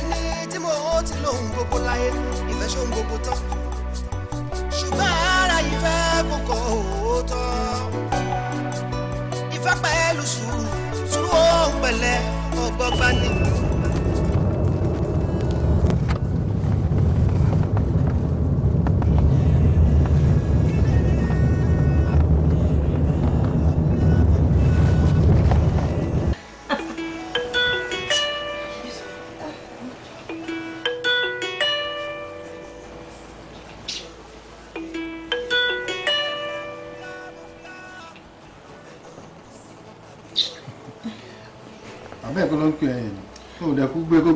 ẹni tí mo ti lóhun gbogbo láyé ìfẹ́ ṣóhun gbogbo tán ṣùgbọ́n ara ìfẹ́ kò kọ òótọ́ ìfẹ́ pẹ̀lú sùúrù sùúrù ó ń pẹ̀lẹ́ ọgbọ́n bá nìyí.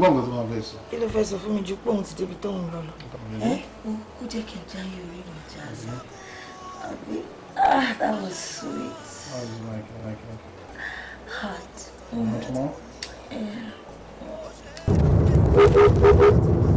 gbọ́ nǹkan tí wọ́n fẹ́ sọ. kí ló fẹ́ sọ fún mi ju pé òun ti débi tóun lọ lọ. ẹ kú jẹ́ kí n já yé orí mi já sí. àbí ah that was sweet. Oh, like, like, like. Hot. Mm. Much more? Yeah.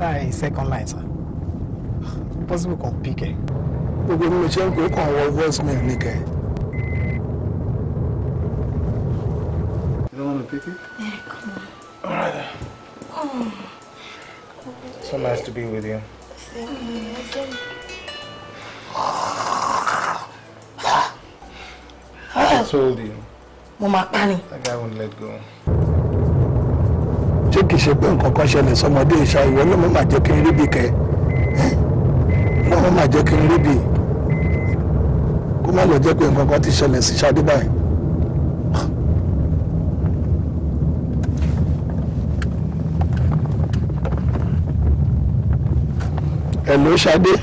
try second line sir possible kan pick ẹ. gbogbo ní mo ṣe ń pè é kàn wọ voice mail ní kẹ. So nice to be with you. I told you. Mama, That guy won't let go ṣé kìí ṣe pé nǹkan kan ṣẹlẹ̀ sọmọdé ìṣá ìwọ ló máa jẹ́ kí n ríbi kẹ́ lọ́wọ́ máa jẹ́ kí n ríbi kó má lọ jẹ́ pé nǹkan kan ti ṣẹlẹ̀ sí Ṣadé báyìí. Hello Ṣadé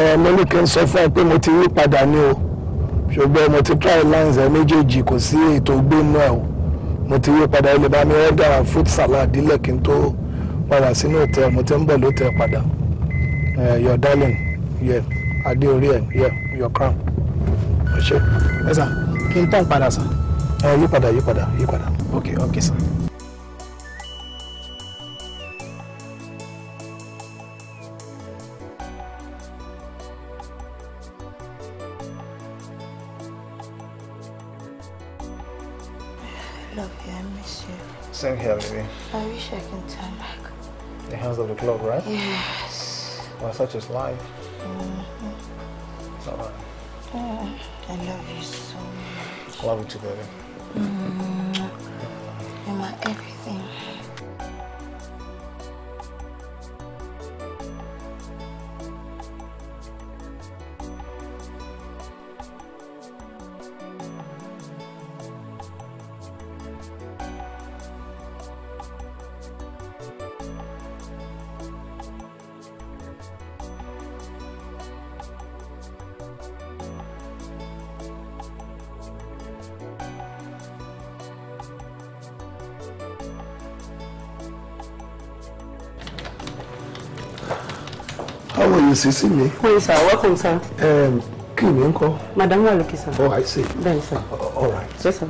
ẹ mo ní kí n sọ fún ẹ pé mo ti yí padà ní o ṣùgbọ́n mo ti try lines ẹ méjèèjì kò sí ètò gbénú ẹ o mo ti yí padà ilé bá mi ọ́dà fruit salad dílẹ̀ kí n tó padà sínú òtẹ́ mo ti ń bọ̀ lótẹ́ padà your darling yeah adé orí ẹ̀ yeah your crown ẹ ṣe. ẹ sà kí n tán padà sà. ẹ yí padà yí padà yí padà. ok ok sà. So. Well, such is life. Mm-hmm. Right. Oh, I love you so much. I love mm-hmm. you too, baby. Mm-hmm. You're my everything. sí sí mi. kò ní sà welcome sir. kí ni n kọ. madam wà lókè sà. oh i see. bẹ́ẹ̀ni sà. Uh, uh, all right. yes sir.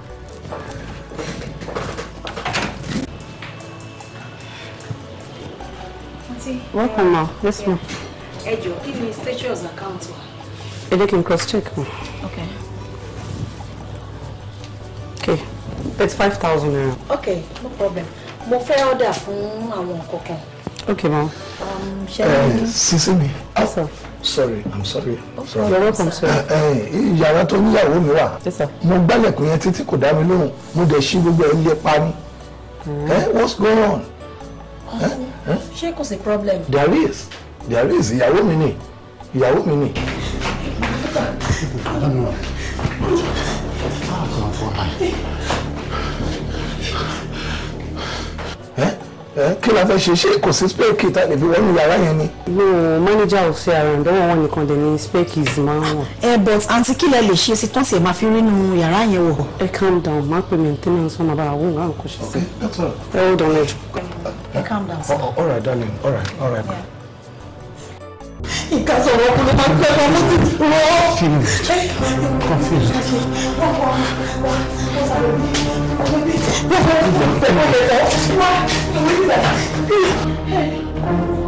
welcome ma eh, yes ma. Eh, ẹ jọ kí ni status account wa. ẹ jẹ́ kí n cross check ma. okay. okay it's five thousand naira. okay no problem mo fẹ́ order fún àwọn nǹkan kan. okay ma. Um, ṣe é eh, ní. sísè mi. Yes, Sorry, I'm sorry. Oh, sorry. You're welcome, sir. Eh, eh, ìyàrá tó níyàwó mi wà. Yes, sir. Mo gbálẹ̀kùn yẹn títí kò dá mi lóhùn. Mo dẹ̀ ṣí gbogbo ẹ̀ lé pa ni. Mm-hmm. Eh, what's going on? Oh, ṣé kò sí problem? There is. There is. Ìyàwó mi ni. Ìyàwó mi ni. I don't know. Ah, kí la fẹ́ ṣe ṣé kò sí spare key tá a lè fi wọ́n ní yàrá yẹn ni. no manager ò sí ara ǹdọ́wọ́ wọn nìkan dẹ̀ ni spare keys máa ń wọ̀. ẹ but àǹtí kí lẹ lè ṣe sí tán sí ẹ máa fi rí nínú yàrá yẹn wọ̀. ẹ calm down má pè maintenance wọn bàbá àwọn nǹkan kò ṣe sí. ẹ hold on ẹ jù. ẹ calm down. all right darling all right all right. Yeah nǹkan sọ̀rọ̀ ọkùnrin máa ń fẹ́ lọ mú títí rọ. confused confused. Hey.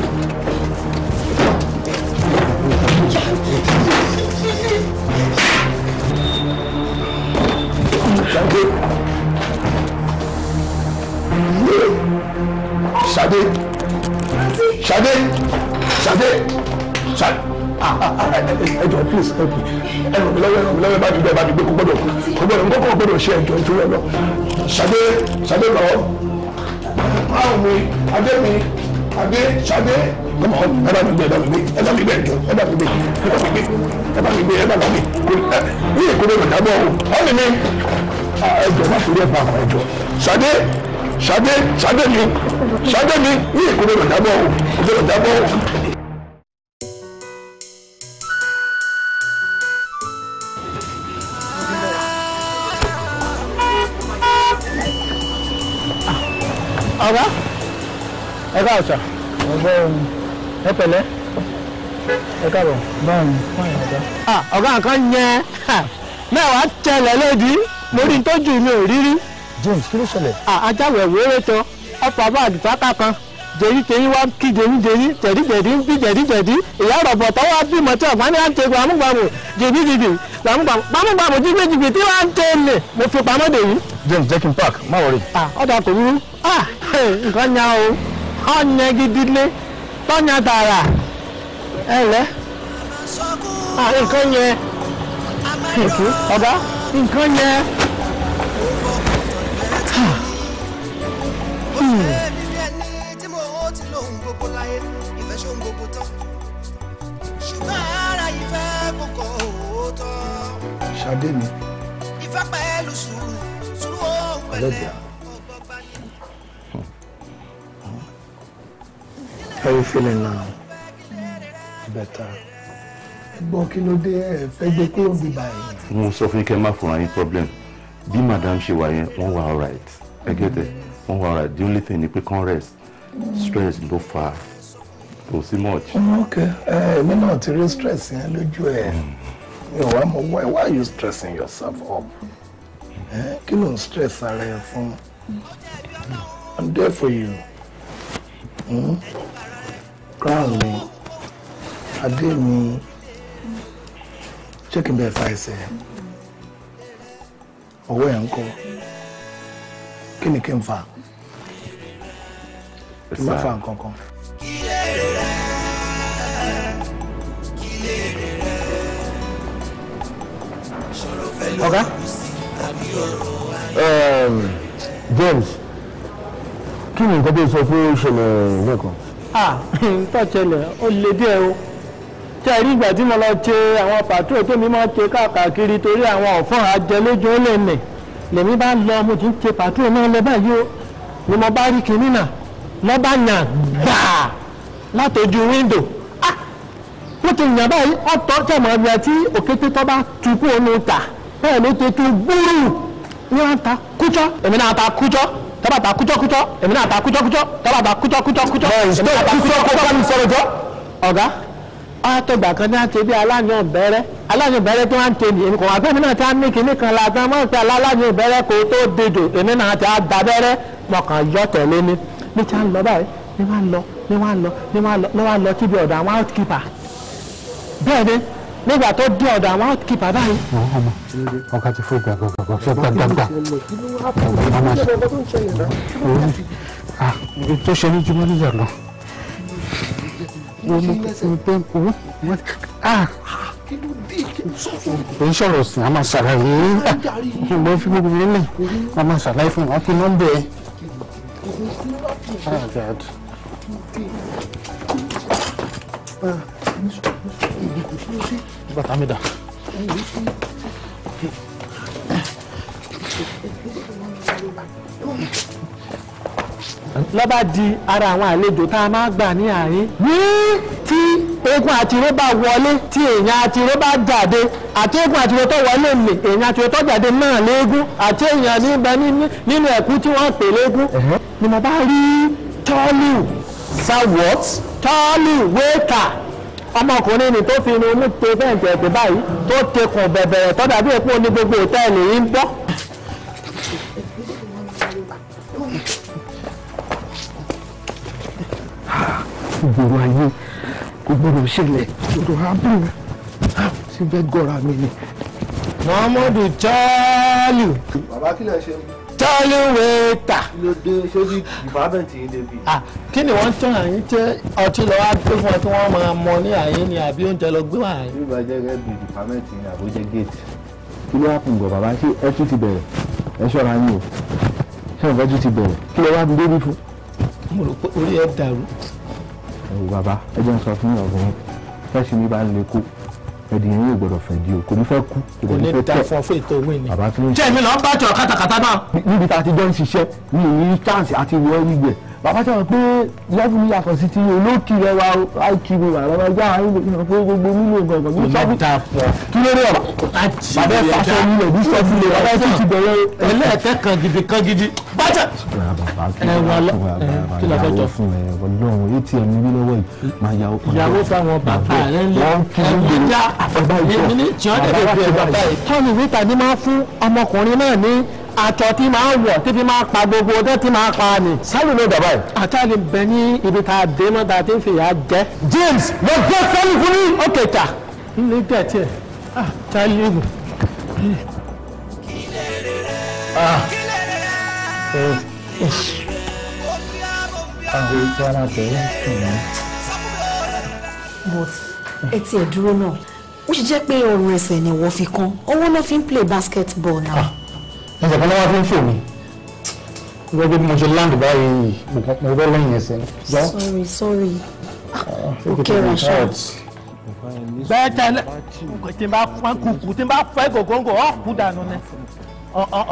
Ṣadé Ṣadé Ṣadé Ṣadé Ṣadé ah, ah, ah, eh, eh, eh, ẹjọ please help me ẹnu mi lọ́wọ́ ẹnu mi lọ́wọ́ ẹ bá ju bẹ́ẹ̀ bá ju bẹ́ẹ̀ kó gbọ́dọ̀ kó gbọ́dọ̀ nǹkan kan gbọ́dọ̀ ṣe ẹjọ ìtura lọ Ṣadé Ṣadé lọ máa mi adé mi adé Ṣadé ọmọ ẹ̀ka ọ̀sà. ọ̀gá ẹ pẹ̀lẹ́ ẹ káàbọ̀ báyìí fún ìyàgbá. ọ̀gá kan yẹn mẹ́wàá tẹlẹ̀ lódì mo rí tójú mi ò rírí. James kí ló ṣẹlẹ̀. ajáwé wéré tán ọ̀fọ̀ báàgì fáta kan jẹ̀yìntẹ̀yìn wá kí jẹ̀yìntẹ̀yìn jẹ̀díjẹ̀dí bí jẹ̀díjẹ̀dí ìyá rọ̀bọ̀ tó wá bímọ tí ọ̀gbọ́n ní à ń tẹ gbàmúgbàmù jìbìjìbì gbàmúgbàmù jìbìjìbì tí wọ́n á ń tẹ lè mo fi pamọ́ dè yìí. James jekin park má wọrí. ọ̀dà kò Ah, nǹkan ya o ọ̀nyẹ́ gidi lé tọ́nyà tààrà ẹ lẹ́ nǹkan yẹn ọ̀gá nǹkan yẹn hmm. ṣadé mi. ìfẹ́ pẹ̀lú sùúrù sùúrù ó ń pẹ̀lẹ́. How you feeling now? Better. Gbọ́n kí ló dé ẹ fẹ́ gbé kúrò bí báyìí. Mo sọ fún yín kẹ́ má fúnra yín problem. Bí madam ṣe wà yẹn, wọ́n wà alright. Ẹ gẹ́tẹ̀, wọ́n wà alright. The only thing ni pé kán rest. Stress ló fa kò sí much. Ah, ok èmi náà ti rí stress yẹn lójú ẹ hmm. mi ò wá mọ why why are you stressing yourself up kí ló ń stress ara ẹ fún i'm there for you. Mm? crown mi adé mi ṣé kí n bẹ fa ẹsẹ̀ ọwọ́ ẹ̀ ń kọ́ kí ni kí n fa kí n má fa nǹkan kan. ọ̀gá. Um, James kí ni nǹkan tó sọ pé ó ṣẹlẹ̀ lẹ́ẹ̀kan ah tó ṣẹlẹ̀ ó le díẹ̀ o tẹ́ rí ìgbà tí mo lọ ṣe àwọn pàtó tó mi máa ṣe káàkiri torí àwọn ọ̀fọ́n ajẹlójú ó lè nì lèmi bá lọ mo ti ń ṣe pàtó náà lọ báyìí o ni mo bá rí kinní náà lọ bá yàn gbàá látọjú wíńdò ah mo ti yàn báyìí ọ̀tọ̀ tẹ̀ mọ́ ẹgbẹ́ tí òkété tó bá tukú ònú ta bẹ́ẹ̀ ló ti tu gbúrú ní wọn ta kújọ́ èmi náà ta kújọ́ tọ́ba ta kútọ́kútọ́ èmi náà ta kútọ́kútọ́ tọ́ba ta kútọ́kútọ́kútọ́ kútọ́kútọ́kútọ́ ọ̀gá àtọ̀gbà kan ní àti bí aláàyàn bẹ̀rẹ̀ aláàyàn bẹ̀rẹ̀ tó ń tẹ̀lé èmi kò wá bẹ́ẹ̀ mi náà ti á ní kinní kan la tán mọ́ pé aláàyàn bẹ̀rẹ̀ kò tó dejò èmi náà ti á da bẹ́rẹ̀ mọ̀ yọ tẹ̀lé ni mi ti á lọ báyìí ni wọ́n lọ ni wọ́n lọ ni wọ́n lọ ni wọ́n lọ síbi ọ̀dọ̀ àwọn outkeeper bẹ́ẹ̀ ni nígbà tó dín ọ̀dọ̀ àwọn outkeeper báyìí. àwọn ọmọ ọkà ti fún ìgbà gọgọgọ ṣe gbàgbàgbà òun tó ṣe ní jùmọ̀ níjà lọ. mo pe owó èyí sọ̀rọ̀ sí a máa ṣàlàyé ìgbọ́n fi gbogbo lélẹ̀ a máa ṣàlàyé fún wọn kí nọ́mbẹ̀ ẹ̀. Ah, lọba mi lọ́ba di ara àwọn àlejò tá a máa gbà ní àárín. wíì tí eégún àtiré bá wọlé tí èèyàn àtiré bá jáde àti eégún àtiré tó wọlé lè èèyàn àtiré tó jáde náà léégún àti èèyàn níbẹ̀ nínú ẹ̀kú tí wọ́n pè léégún. ni mo bá rí tọ́lù. sa what? tọ́lù ọmọkùnrin ni tó fi irun mú te fẹ́ǹtì ẹ̀gbẹ́ báyìí tó tekùn bẹ̀bẹ̀rẹ̀ tó dàbí èpo ní gbogbo òtẹ́ẹ̀lì yìí ń bọ́. ìgboro ayé ìgboro ṣẹlẹ̀ ìgboro abúlé síbẹ̀ gọ́ra mi ni. Muhammadu Jaalu. bàbá kí lè ṣe tọ́lú wẹ́tà. lóde sórí department yìí débi. kí ni wọ́n tán àyín tẹ ọtí lọ́wọ́ gbé fún ọ tí wọ́n máa mọ ní àyín ni àbí oúnjẹ lọ gbé wà àyín. bí ìbàjẹ́ rẹ bí department yìí àbójẹ gate kí ló wá fún gbọ̀ bàbá ṣé ẹ tún ti bẹ̀rẹ̀ ẹ ṣọ́ra yín o ṣé nǹkan tún ti bẹ̀rẹ̀ kí ló wá fún débi fún. mo rò pé orí ẹ dàrú. ẹ wò bàbá ẹ jẹ́ ń sọ fún ọ̀gbìn fẹ́ẹ́ sì ní bá ń le kó ẹdìyẹ yóò gbọ́dọ̀ fẹ́ di o kò ní fẹ́ kú kò ní fẹ́ tẹ bàbá tó ń ṣe. jẹ́ mi lọ́ọ́ bá jọ kátàkátà náà. níbi tá a ti jọ ń ṣiṣẹ́ mi ò ní chance àti wọ́ọ́ wíwẹ̀ bàbá sọ̀rọ̀ pé lẹ́fún mi yàtọ̀ sí ti olókìrẹ wa àìkiri wà bàbá ìjà àwọn ìwé ìwé pé gbogbo nílò gbọ̀ngàn mi sọ́bí kí ló dé ọ̀la bàbá ẹ̀ fàṣọ nílẹ̀ bí sọ́bí lè bàbá ẹ̀ ti bẹ̀rẹ̀ ẹlẹ́ẹ̀kẹ́ kan gidi kan gidi bàtà. ẹ wà lọ kí lọ fẹ́ jọ fún ẹ Ọlọ́run atm ní lọ́wọ́ yìí máa yàwó kan. ìyàwó fáwọn bàbá rẹ lé ẹni já àtọ̀ tí máa wọ̀ tí fi máa pa gbogbo ọdẹ tí máa pa ni. sálù ló dàbá yìí. àtàlẹ̀ bẹ ní ibi tá a dé mọ́ tá a ti ń fìyà jẹ. James lọ gbé sálù fún ah, mi. ó kẹta ní gẹ̀ẹ́tì ẹ̀ sálù. àwọn ìgbà ara bẹ̀rẹ̀ ń sùn mí. but ẹ tiẹ̀ dúró náà ó ṣe jẹ́ pé ọrùn ẹsẹ̀ ni wọ́n fi kán ọwọ́ náà fi ń play basketball náà. Ah ẹsẹ̀ kan fi ń fò mí wọ́n bí mo ṣe land báyìí mo fẹ́ lẹ́yìn ẹsẹ̀ sorry sorry ah, ah, okay rashad. bẹ́ẹ̀ tẹ́lẹ̀ tí n bá fún kùkù tí n bá fún ẹ̀gọ̀gọ̀ngọ̀ ọ̀ kú dànù ni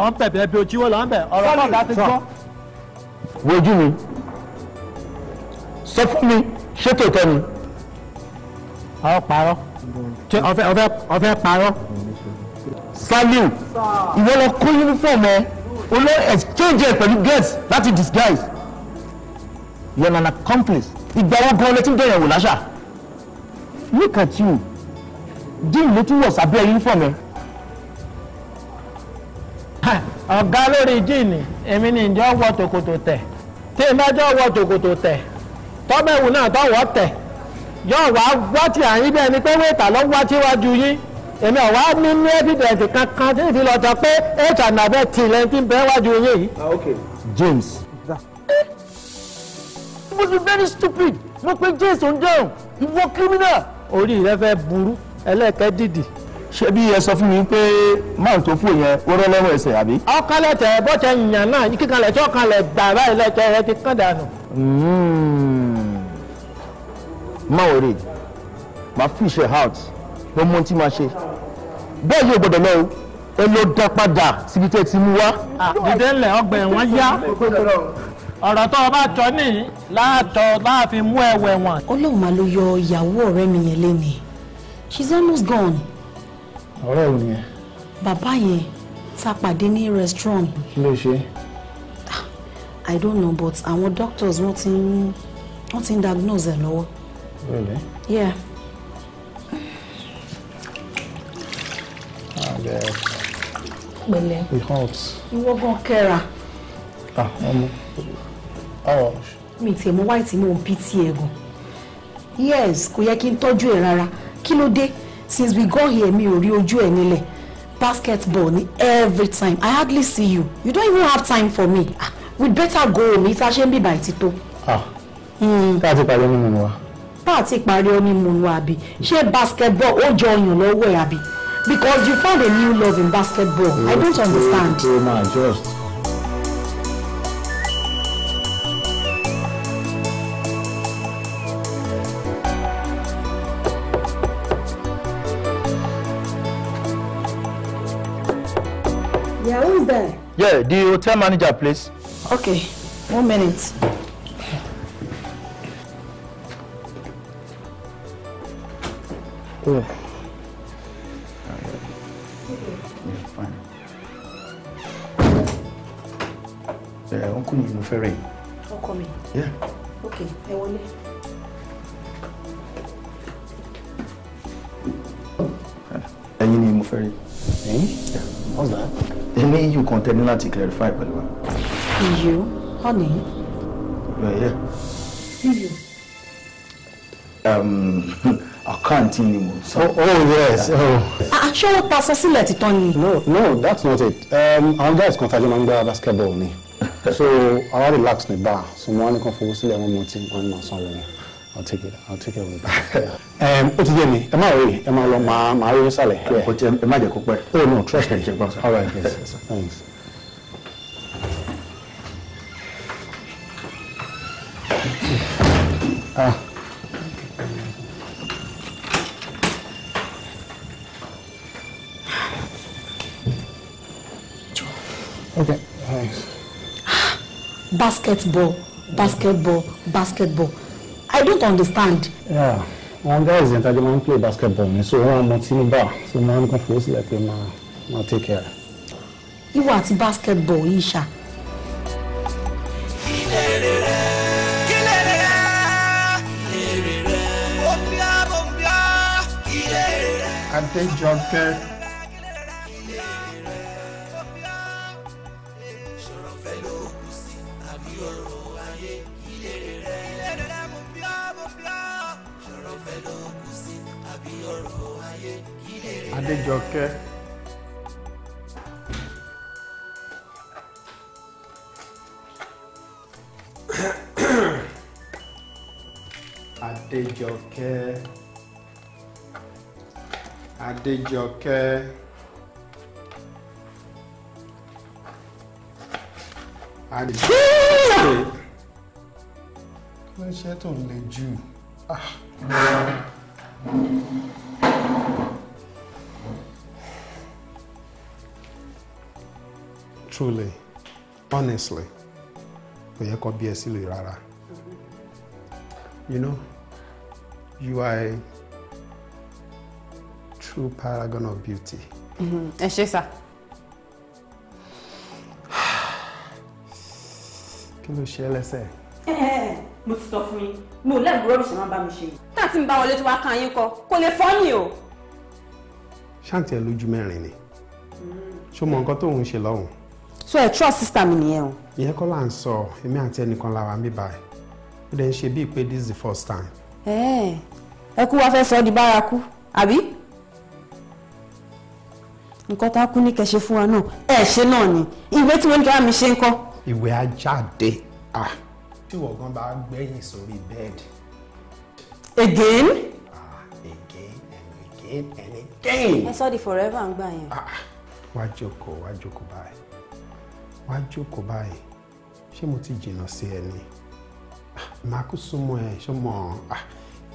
ọ̀ ń bẹ̀bẹ̀ bí ojú wọn lọ bẹ̀ ọ̀rọ̀ náà láti gbọ́. wojú mi sọ fún mi ṣé tòótọ́ ni. ọ̀ parọ́ ọ̀fẹ́ parọ́ saliu ìwọ lọ kó uniform ẹ o lọ exchange ẹ pẹ̀lú guest láti disguise you are an accomplice ìgbà wọn gan létí dẹ̀yẹ̀ wò láṣà look at you dín ló tún wọ̀ sábẹ́ uniform ẹ. ọ̀gá lórí jíìnì èmi ni ìjọ wọ tòkòtò tẹ̀ tí iná jọ wọ tòkòtò tẹ̀ tọ́bẹ̀wò náà tọ́wọ́ tẹ̀ yóò wá wá tí à ń yí bẹ́ẹ̀ ni pé wéètà ló wá tíwájú yín èmi àwa nínú evidence kankan tí ìfi lọ sọ pé eight and abẹ́ tì lẹ́yìn tí ń bẹ́ wájú yín yìí. Ah, James. mo ti very stupid mo pe James on down ìwọ criminal. orí rẹ fẹ́ burú ẹlẹ́kẹ́ dìdì. ṣé bí ẹ sọ fún mi pé máà tó fò yẹn ó rẹ lẹ́wọ̀n ẹsẹ̀ àbí. ọkàlẹ̀ tẹ̀ bọ́tẹ̀ yìnyín náà kíkanlẹ̀ tí ọkàlẹ̀ gbà báyìí lẹ́tẹ̀ rẹ ti kàn dànù. máa wò rè máa fish it out mo mọ ohun tí màá ṣe bẹ́ẹ̀ yóò gbọ́dọ̀ lọ ẹ lọ dá padà síbi tẹ́ ti mú wá. Ah, dídé ńlẹ̀ ọgbà ẹ̀wọ̀n yá ọ̀rọ̀ tó o bá tọ́ ní láàtọ̀ láàfin mú ẹwẹ̀ wọn. ọlọ́run máa ló yọ ìyàwó ọ̀rẹ́ mi yẹn lẹ́nu she's almost gone. ọ̀rẹ́ ò nìyẹn. bàbá yẹn ta pàdé ní restaurant. kí ló ṣe. Ah, I don't know but àwọn doctors wọ́n ti ń wọ́n ti ń diagnose ẹ̀ lọ́wọ́. really? yeah. pẹ̀lẹ́ ìwọ gan kẹ́ra. Ah, mi tiẹ̀ mú white mú pt ẹ̀gùn yes kò yẹ kí n tọ́jú ẹ̀ rárá kí ló dé since we go here mi ò rí ojú ẹ̀ nílẹ̀ basketball ni every time i hardly see you you don't even have time for me ah, we better go home ìta ṣe ń Ah. ìtìtò. Hmm. ká ti parí onímọ̀ wa. bá a ti parí onímọ̀ wa àbí ṣé basketball ó jọ ọyàn lọ́wọ́ ẹ̀ àbí because you found a new love in basketball. Yes, I don't understand. Oh my, just. Yeah, who's there? Yeah, the hotel manager, please. Okay, one minute. Oh. ọkọ eh, mi mo fẹ́ rẹ̀ yìí. ọkọ mi. ok ẹ wọlé. ẹ̀yin ni mo fẹ́ rí. ẹ̀yin what's that. ẹ ní iyù kan tẹ ní láti clarify pẹ̀lú wa. iyù honey. ẹ̀yẹ. iyù. àkáǹtì ni mo sọ. oh, oh yes. aṣọ́wọ́ pa oh. sọ sílẹ̀ títọ́ ni. no no that's not it àwọn um, guys kan tajọ́ máa ń gbá basketball ni so I àwa relax the bar so wọn á ní kàn fowó sílẹ̀ wọn mú tí wọn i'll take it i'll take it with back. ó ti jẹ́ mi ẹ máa rí ẹ máa lọ màá rí sálẹ̀. ẹ má jẹ́ kó pẹ́. oh no trust me all right please thanks. basketball basketball basketball i don't understand. Yeah àwọn guys yẹn tajọ máa ń play basketball so wọn mọ tí ní bá so now I'm kàn fowó sílẹ̀ pé máa máa take care. ìwà àti basketball Isha? yìí ṣá. Adéjọkẹ́ Jọkẹ́. Adéjọkẹ́. Adéjọkẹ́. Adéjọkẹ́. Kí ló ń ṣe tó ń Ah. truly honestly for your kó bí ẹ sílẹ̀ you know you are a true paragon of beauty. Mm-hmm. ẹ ṣé sá. kí ló ṣe lẹ́sẹ̀. mo ti sọ fún yín mi ò lẹ́gbẹ̀ẹ́ rọ́bìṣì máa ń bá mi ṣe. tá a ti ń bá wọlé tí wàá kan yín kọ kò lè fọ́ ni o. ṣáǹtì ẹ lójú mẹ́rin ni ṣó mọ nǹkan tóun ṣe lọ́hùn so ẹ trust sister mi nìyẹn o. ìyẹn kọ́ là ń sọ èmi àti ẹnìkan la wà mí báyìí ó dẹ̀ ń ṣe bíi pé this is the first time. ẹ kú wa fẹ́ sọ ọ́ di bárakú àbí nǹkan tá a kú ní kẹ́ ṣe fún wa náà ẹ ṣe náà ni ìwé tí mo ní kára mi ṣe ń kọ́. ìwé á jáde ah tí ìwọ gan bá gbẹ̀yìn sórí bẹ́ẹ̀dì. again. ah again and again again. ẹ sọ di forever ń gbà yẹn. ah wá jókòó wá jókòó báyìí wá jókòó báyìí ṣé mo ti jìnnà sí ẹ ni ah, màá kó súnmọ́ ẹ ṣé mo ah,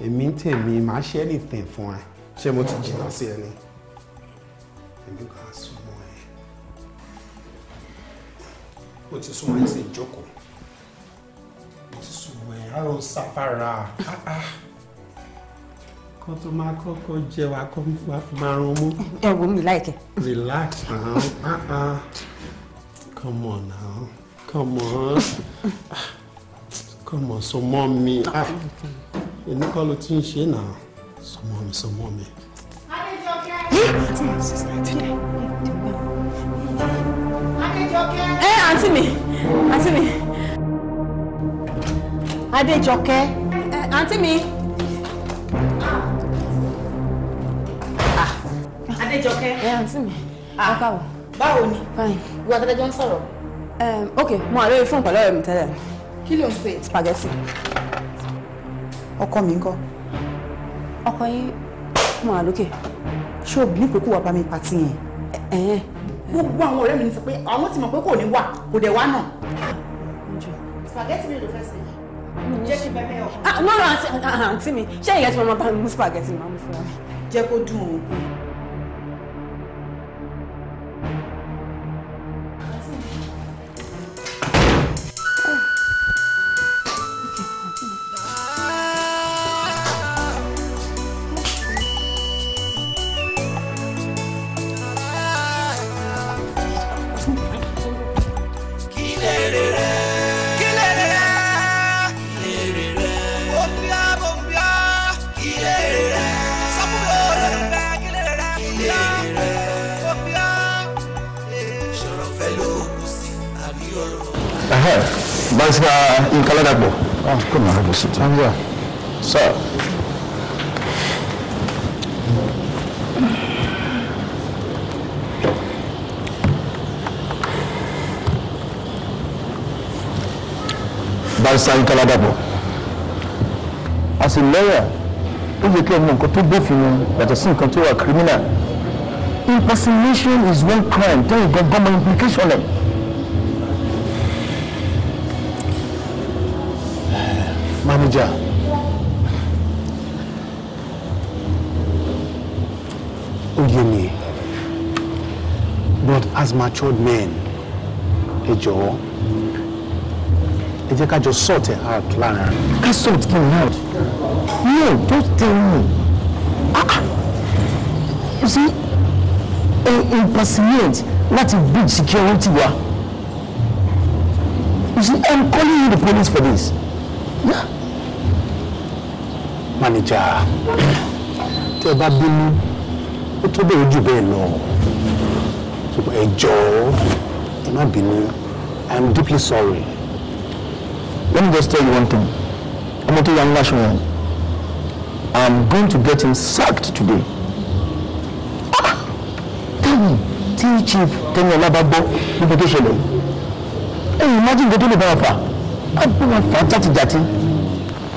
èmi ń tèmi màá ṣe anything fún ẹ ṣé mo ti jìnnà sí ẹ ni èmi kàn súnmọ́ ẹ ó ti súnmọ́ ẹ sí ìjókòó ó ti súnmọ́ ẹ rárá ó sáfárà ah, kan tó máa kọ́kọ́ jẹ wá fi máa rún mú. ẹ wo mi láìkẹ. relax. Uh -huh. Come on now. Come on. Come on, So You to change now. sọmọ mi. Èmi kọ́ ló ti ń ṣe náà. Sọmọ mi, sọmọ mi. Adéjọkẹ́. Ẹ àǹtí mi, àǹtí mi. Adéjọkẹ́. Ẹ àǹtí mi. Ah. Adéjọkẹ́. Ẹ àǹtí mi. Ọkàwọ̀. Ah báwo ni. fine. ìwà tẹ́lẹ̀ jọ ń sọ̀rọ̀. Um, ok mo àlọ́ yìí fún ìpàdé ọ̀rẹ́ mi tẹ́lẹ̀. kí ló ń pè. spaghetti. ọkọ mi ń kọ́. ọkọ yín mo wà lókè. ṣé o bìlí pé kò wá bá mi pàtì yẹn. gbogbo àwọn ọ̀rẹ́ mi ni sọ pé àwọn ti mọ̀ pé kò ní wà kò dẹ̀ wá náà. spaghetti mi ló fẹ́ sè é jẹ́ kí bẹ́ẹ̀ Ah, no no àǹtí mi ṣé ìyẹn ti máa bá mi mú spaghetti máa mú fún wa. jẹ́ kó dùn ún. Mr. Hamza. Sir. As a lawyer, ó yẹ kí ẹ mọ nǹkan tó bófin mu yàtọ̀ sí nǹkan tó wà criminal. Impersonation is one crime tó yẹ gan-an implication ẹ̀. manager Oyemi but as matured men ẹ jọ̀wọ́ ẹ jẹ́ ká jọ sort it out lana. ká sort it out no don't tell me ah, ah. you see e impersonate láti build security wa you see I'm calling you the police for this. Yeah manager tẹ́ ẹ bá bínú ó tó bẹ̀rẹ̀ jù bẹ́ẹ̀ lọ ṣùgbọ́n ẹ jọ̀ọ́ ẹ má bínú I am deeply sorry. Let me just tell you one thing ọmọ tó yà ń láṣọ wọn I am going to get him sacked today. Ah! Tell me, tí chief Tẹ́mi Ọlá bá gbọ́ nípa tó ṣẹlẹ̀ yìí ẹ̀yìn imagine gbẹ́dọ́ lè bá wà fà á gbọ́dọ̀ fà á jàtìjàtì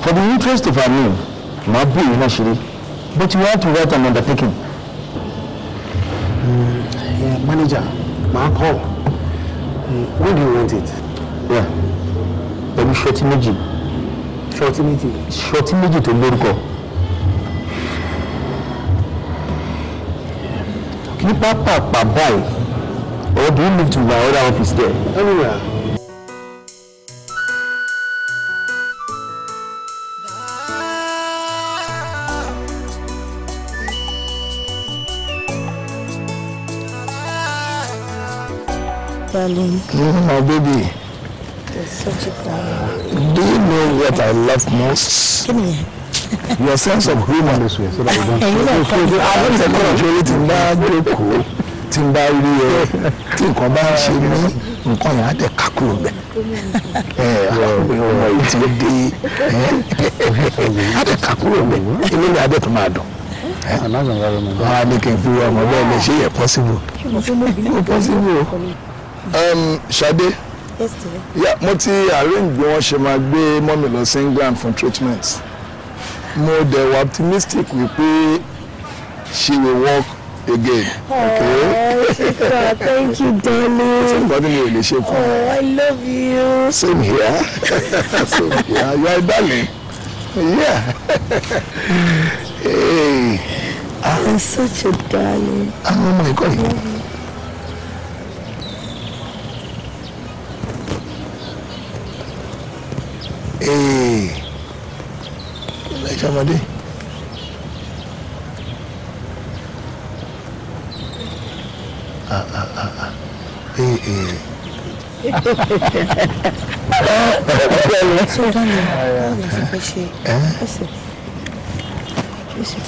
for the interest of our name màá bí èyí náà ṣeré but you have to write an undertaking. Mm, yeah, manager màá kọ́ uh, hmm, when do you want it. Yeah. pẹ̀lú ṣọtí méjì. ṣọtí méjì. ṣọtí méjì tó lórúkọ. Hmm, ní pápá pàbáyé or do you need to my other office there. anywhere. darling. You my baby. You're such a darling. Do you know what I love most? Come here. Your sense of humor this way, so that we don't. I don't know what you're doing tí n bá rí ẹ tí nǹkan bá ń ṣe mí nǹkan yẹn á dẹ̀ ká kúrò bẹ̀ ẹ ọmọ yìí ti dé á dẹ̀ ká kúrò bẹ̀ inú mi á dẹ̀ tó máa dùn. wọ́n á ní kí n fi ọmọ bẹ́ẹ̀ lè ṣe yẹ pọ́sibú ó Um, Ṣadé mo ti arrange bí wọ́n ṣe máa gbé mọ́mì lọ sí England for treatment mo dẹ̀ wà optimistic wípé she will work again. Okay? Oh, thank you, darling. Ṣé nǹkan tí mi ò lè ṣe fún ọ? Oh, I love you. Same here. Same here. You are darling. Yeah. hey. I'm such a darling. I'm oh my God. mm ẹ ṣọmọdé. sọdọ ni báwo ni ṣe fẹ́ ṣe ẹsẹ̀ ẹsẹ̀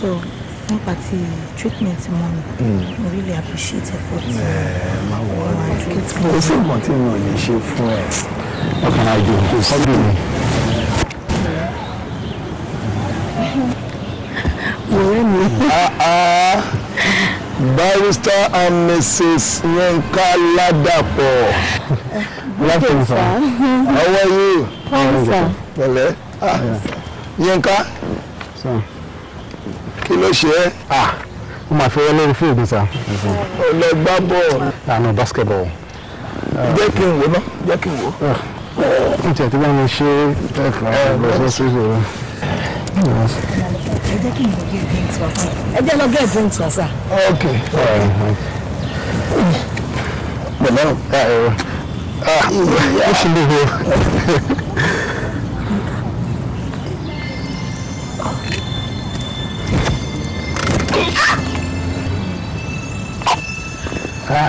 so nípa ti treatment mọ́ mi hmm. mo really appreciate effort. ẹ eh, kò sí ìmọ̀ tí mi ò lè ṣe fún ẹ ọkàn àjò kò sọ́dọ̀ mi. ọ̀rẹ́ mi. Ah, ah. barrister and mrs yonka ládàpọ̀ láfẹ̀fà how are you? pẹ̀lẹ́ ah. yonka kí ló ṣe é? ó máa fi wọlé fún ìgbésà. ó lọ àná basketball jẹ́ kí n wò ná jẹ́ kí n wò. Ah, n tẹ̀ tí wọ́n mi ṣe eh, ẹ̀ka lọ́sọ̀ sí ìṣòro. ẹ jẹ́ kí n lọ gé drinks wá sá ẹ jẹ́ lọ gé ok pẹ̀lẹ́ ẹ̀rọ ah, ah, ó ṣì lè wo.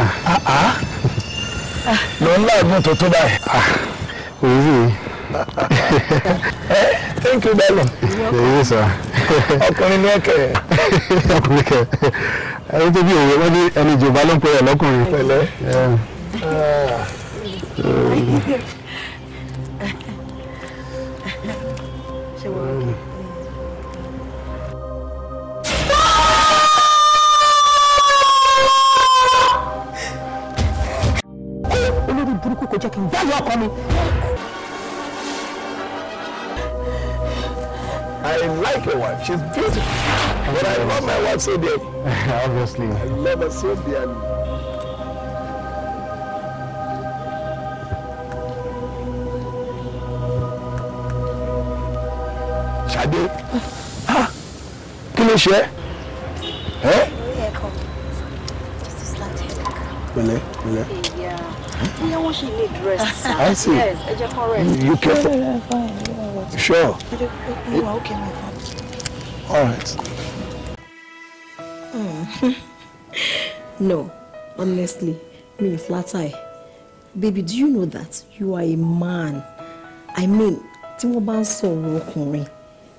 Ah ọ̀rọ̀ ńlá ẹ̀gbọ́n tó tó báyìí. òwúrò ah, yìí. Eh, thank you darling. èyí sà. ọkùnrin ní ẹkẹ. ọkùnrin kẹ ẹni tó bí òwe wọn ní ẹni jòbá ló ń pè é lọkùnrin. pẹ̀lẹ́. Ah. Uh, bẹ́ẹ̀ ọkọ mi. I like your wife. She's beautiful. But I love my wife so dearly. Obviously. I love her so dearly. Ṣadé, kí ló ṣe ẹ́? Pẹ̀lẹ́, Yeah. Yeah, she need rest. I see. Yes, I just rest. You care for? Yeah, fine. Yeah, sure. You are okay, my friend. All right. Hmm. no, honestly, me flatter. Baby, do you know that you are a man? I mean, Timoban so bá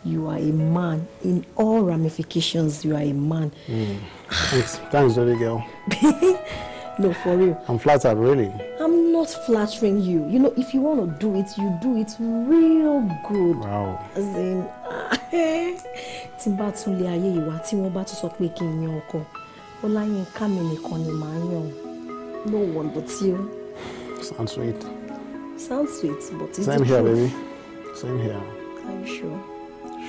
you are a man in all ramifications. You are a man. Mm. Yes, thanks, very girl. no, for real. I'm flattered, really not flattering you. You know, if you want to do it, you do it real good. Wow. As in, tí n bá tún lé ayé ìwà tí wọ́n bá tún sọ pé kí n yan ọkọ Ọláyínká mi nìkan ni màá yàn no one but you. sounds sweet. sounds sweet but it's same the here truth. baby same here. are you sure.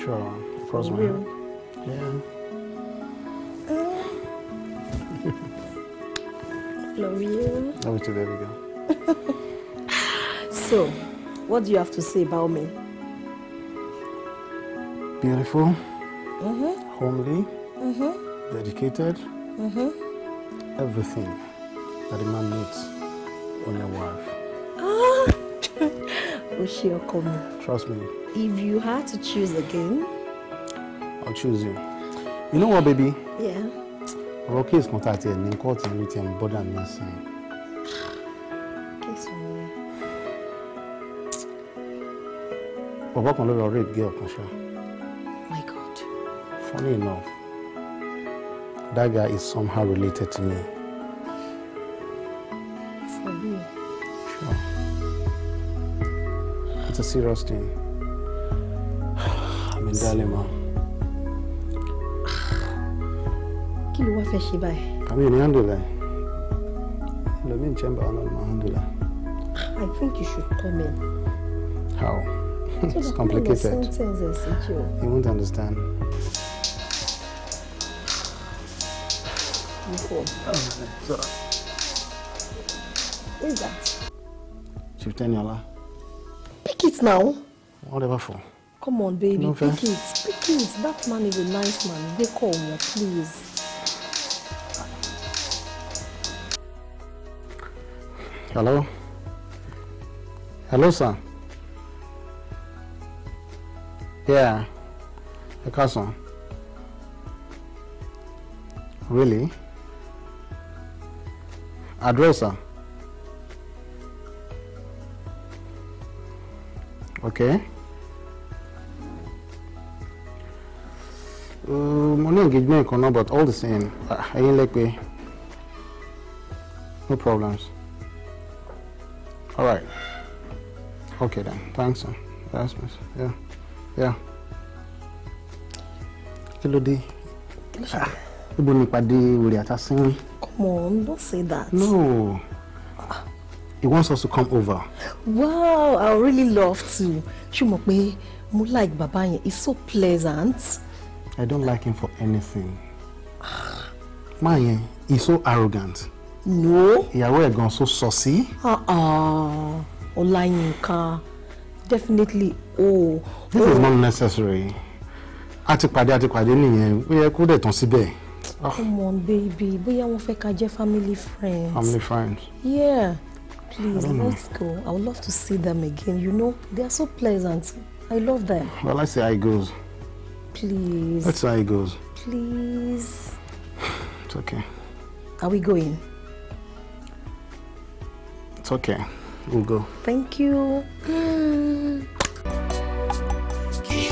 sure of course ma. Yeah. Love you. Love you too, baby girl. so, what do you have to say about me? Beautiful, mm-hmm. homely, mm-hmm. dedicated, mm-hmm. everything that a man needs in a wife. Oshiokomi. Ah! Trust me. If you had to choose again, I'll choose you. You know what, baby? Yeah. Rocky is contacted me in court and written, but I'm missing. bàbá kan ló rape girl kan ṣá. Oh my god. funny enough that guy is somehow related to me. for real. sure it's a serious thing i'm in dilemma. kí ló wá fẹ́ ṣe báyìí. àmì ènìyàn dò láì lomi chamber ọ̀nà ọ̀nà ọ̀hún dò láì. I think you should come in. How? it's complicated. You won't understand. Who is that? Chief Teniola. Pick it now. Whatever for. Come on, baby, no pick fair. it. Pick it. That man is a nice man. They call me, please. Hello? Hello, sir. Yeah, a cousin. Really? Adresser. Okay. Uh, money give engagement a corner, but all the same didn't like pé no problems all right okay then thanks sir that's nice yeah. yá kí ló dé ah, ibo ni ìpàdé wèrè àtàsínwín. come on don't say that. no ah. he wants us to come over. wow i really love to ṣùgbọ́n pé mo like Baba. yẹn he's so pleasant. i don't like him for anything. máa yẹn he's so arrogant. no. ìyàwó ẹ̀ gan so sọ̀sí. Ah, ọ̀la yín ká definitely o. this is not necessary a ti pàdé a ti pàdé nìyẹn ó yẹ kó dẹ̀ tán síbẹ̀. Ah. come on baby bóyá wọ́n fẹ́ ká jẹ́ family friends. family friends. yeah please let's go i would love to see them again you know they are so pleasant i love them. well i say how it goes. please. let's see how it goes. please. it's okay. are we going. it's okay. We'll go. Thank you. Mm.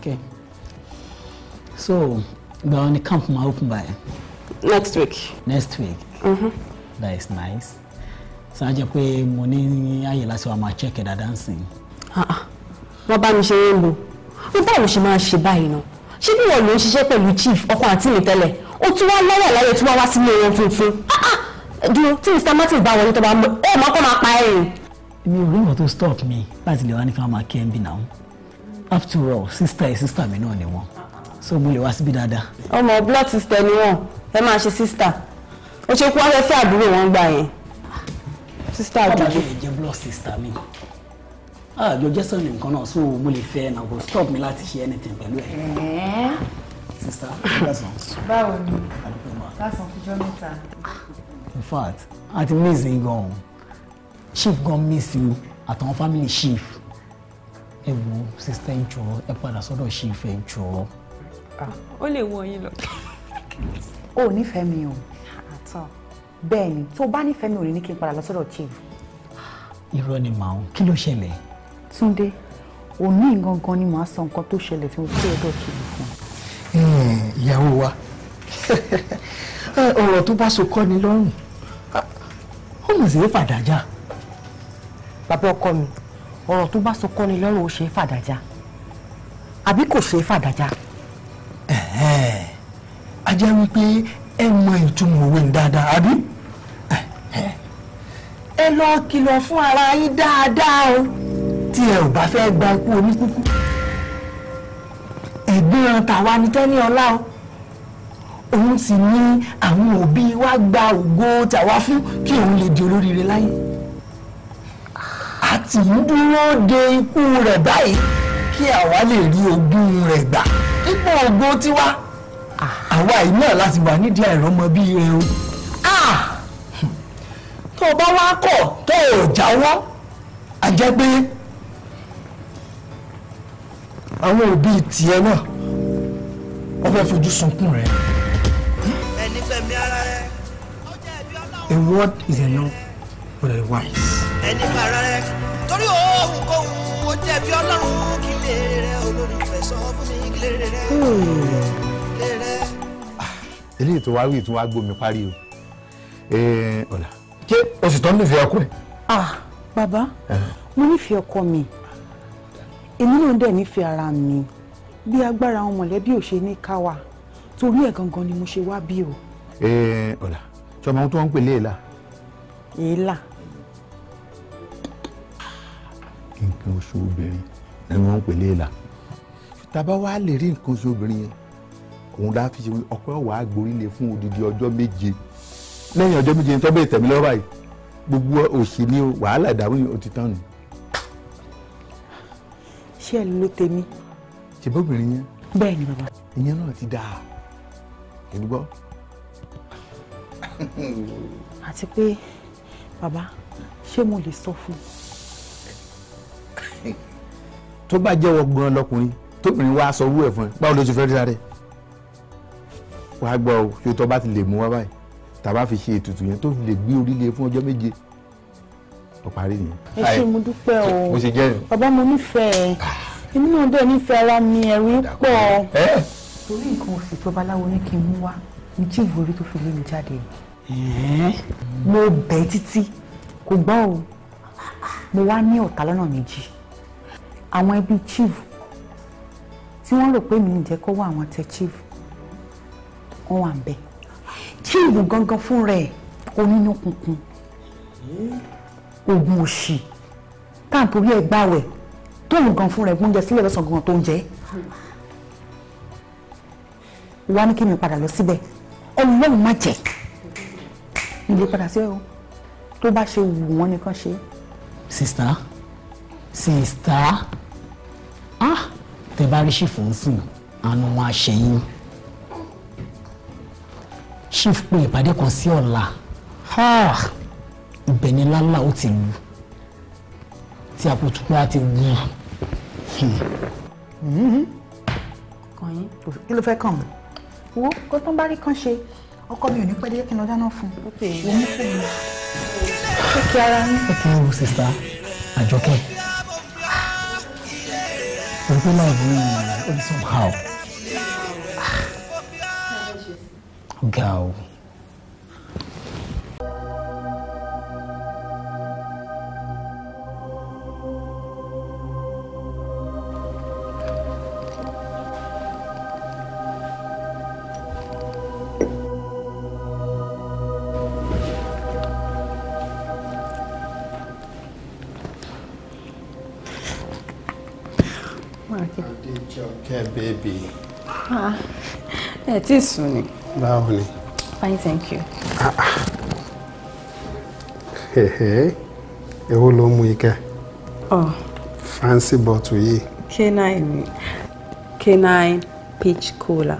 okay so ìgbà wọn ni camp my open by. next week. next week. Mm-hmm. that is nice. So I just pé mo I àyè láti wá máa check the dancing. wọ́n bá mi ṣe rainbow wọ́n báwo ṣe máa ṣe báyìí náà ṣé bí wọn ló ń ṣiṣẹ́ pẹ̀lú chief ọkọ àti mi tẹ́lẹ̀ ó tún wá lọ́wọ́ láyé tí wọ́n wá sílé wọn tuntun dúró tí mr martins bá wọlé tó bá mọ ó mọ kó máa pa ẹ̀yìn. mi ò rí nǹkan stop me? láti lè wá ní kí wọ́n KMB now after all sister ẹ sister mi náà ni wọn so mo lè wá síbi dáadáa. ọmọ blood sister ni wọn ẹ máa ṣe sister ó ṣe kú wá fẹ́ fẹ́ àbúrò wọn gbà yẹn sister àdúgbò. bàbá yẹn jẹ blood sister mi ah, àjọ jẹ́sọ̀ ní nǹkan náà so mo lè fẹ́ na go stop mi láti ṣe anything pẹ̀lú ẹ̀. sister lásán. báwo ni lásán fíjọ́ mẹ́ta. in fact àti miss yín gan-an chief gan miss you àtàwọn family chief ẹ wo sista ẹ jọ̀ọ́ ẹ padà sọ́dọ̀ ṣe ìfẹ́ jọ̀ọ́. ó lè wọ yín lọ. o ò nífẹ̀ẹ́ mi o àtọ̀ bẹ́ẹ̀ ni tó bá nífẹ̀ẹ́ mi ò ní ní kí n padà lọ sọ́dọ̀ chief. irọ́ ni màá ń kí ló ṣẹlẹ̀. Túndé òní gangan ni màá sọ nǹkan tó ṣẹlẹ̀ tí mo fi ọ̀dọ̀ chief fún. Hmm, ìyàwó wa ọ̀rọ̀ tó bá so kọ́ ni lọ́rùn ó mọ̀ sí fàdájà. bàbá ọkọ mi ọ̀rọ̀ tó bá so kọ́ni lọ́rùn ó ṣe é fàdájá àbí kò ṣe é fàdájá. a jẹ́ wípé ẹ mọ ìtumọ̀ òwe dáadáa àbí. ẹ lọ kìlọ̀ fún ara yín dáadáa o tí ẹ ò bá fẹ́ gba ikú oníkúkú ìgbéran tàwa ni tẹ́ni ọlá o òun sì ní àwọn òbí wa gba ògo tàwa fún kí òun lè di olóríire láyé láti dúró de ikú rẹ̀ báyìí kí àwa lè rí ogún rẹ̀ gbà dípò ogún tiwa àwa yìí náà láti wà nídìí àìrọ́mọbí rẹ̀ o tó o bá wá kọ̀ tó o jáwọ́ a àwọn òbí tiẹ̀ náà wọ́n fẹ́ fojú sunkún rẹ̀. ẹni fẹ̀mí ara rẹ̀. A word is enough for a wise. ẹni fara rẹ̀ fi ọlọ́run kí lè rẹ olólùfẹ́ sọ fún mi kí lè rẹ ah, eléyìí tó wá wí tó wá parí o eh, ọ̀la ṣé o sì tán nífẹ̀ẹ́ ọkọ ẹ̀. ah bàbá eh. mo nífẹ̀ẹ́ ọkọ mi èmi náà dẹ̀ nífẹ̀ẹ́ ara mi bí agbára àwọn mọ̀lẹ́bí ò ṣe ní ká wa torí ẹ̀ gangan ni mo ṣe wá bí o. Eh, ọ̀la ṣọmọ ohun tó ń pè lé èlà. nǹkan oṣù obìnrin ni wọ́n ń pè léèlà tàbá wàá lè rí nǹkan oṣù obìnrin yẹn òun la fi ṣe ọpẹ́ wàá gborílẹ̀ fún odidi ọjọ́ méje lẹ́yìn ọjọ́ méje tó bẹ̀ tẹ̀mí lọ́wọ́ báyìí gbogbo òsì ni wàhálà ìdààmú yìí ó ti tán nù. ṣé ẹ ló tèmi. ṣèbóbìnrin yẹn. bẹ́ẹ̀ ni bàbá. ìyẹn náà ti dáa èmi gbọ́. àti pé bàbá ṣé mo lè sọ fún un tó bá jẹ́wọ́ gan lọkùnrin tóbìnrin wa sọ owó ẹ̀ fún ẹ báwo ló ti fẹ́ rí sáré wàá gbọ́ ọ yóò tó bá ti lè mú wá báyìí tàbá fi ṣe ètùtù yẹn tó fi lè gbé orílẹ̀ e fún ọjọ́ méje ọ̀parí nìyẹn. ẹ ṣé mo dúpẹ́ o mo ṣe jẹ́ bàbá mo nífẹ̀ẹ́ èmi náà bẹ́ẹ̀ nífẹ̀ẹ́ ara mi ẹ̀rù ń pọ̀. torí nǹkan oṣù tó babaláwo ní kí n mú wá ní tí ìwúrí tó fi lé mi jáde. mo bẹ̀ títí kò gbọ́ o mo wá ní ọ̀tá lọ́nà méjì àwọn ẹbí chief tí wọ́n rò pé mi ń jẹ́ kó wá àwọn tẹ chief wọ́n wà ń bẹ̀ chief gangan fúnra ẹ̀ onínú kunkun oògùn òṣì táàntorí ẹ̀ gbàwẹ̀ tóun gan fúnra ẹ̀ gbóúnjẹ sílẹ̀ lọ́sàn-án gan tó ń jẹ́ wá ní kí mi padà lọ síbẹ̀ ọlọ́run má jẹ́ ilé padà sí ẹ o tó bá ṣe wù wọ́n nìkan ṣe. sista sista. Ah, tẹ bá rí ṣìfù ń sìn àánú wọn àṣẹyìn ṣìfù pé ìpàdé kan sí ọ̀la ah, ibẹ̀ ni lálá ó ti wù tí àpótúpẹ́ a ti wù. Hmm. Mm-hmm. kànyín kí ló fẹ́ kàn mí wo kó tó ń bá rí kán ṣe ọkọ mi ò ní pẹ́ẹ́dé kí n lọ dáná fún un. òun fún mi. ó kí ara ń. ó kí ń wo sista àjọkẹ́. Porque não vi. Eles são né? ah. gal. Gal. ẹ tí ì sùn ni. báwo ni. fine thank you. èwo ló mú ike. Oh. fancy bottle yìí. 9 ni 9 peach cola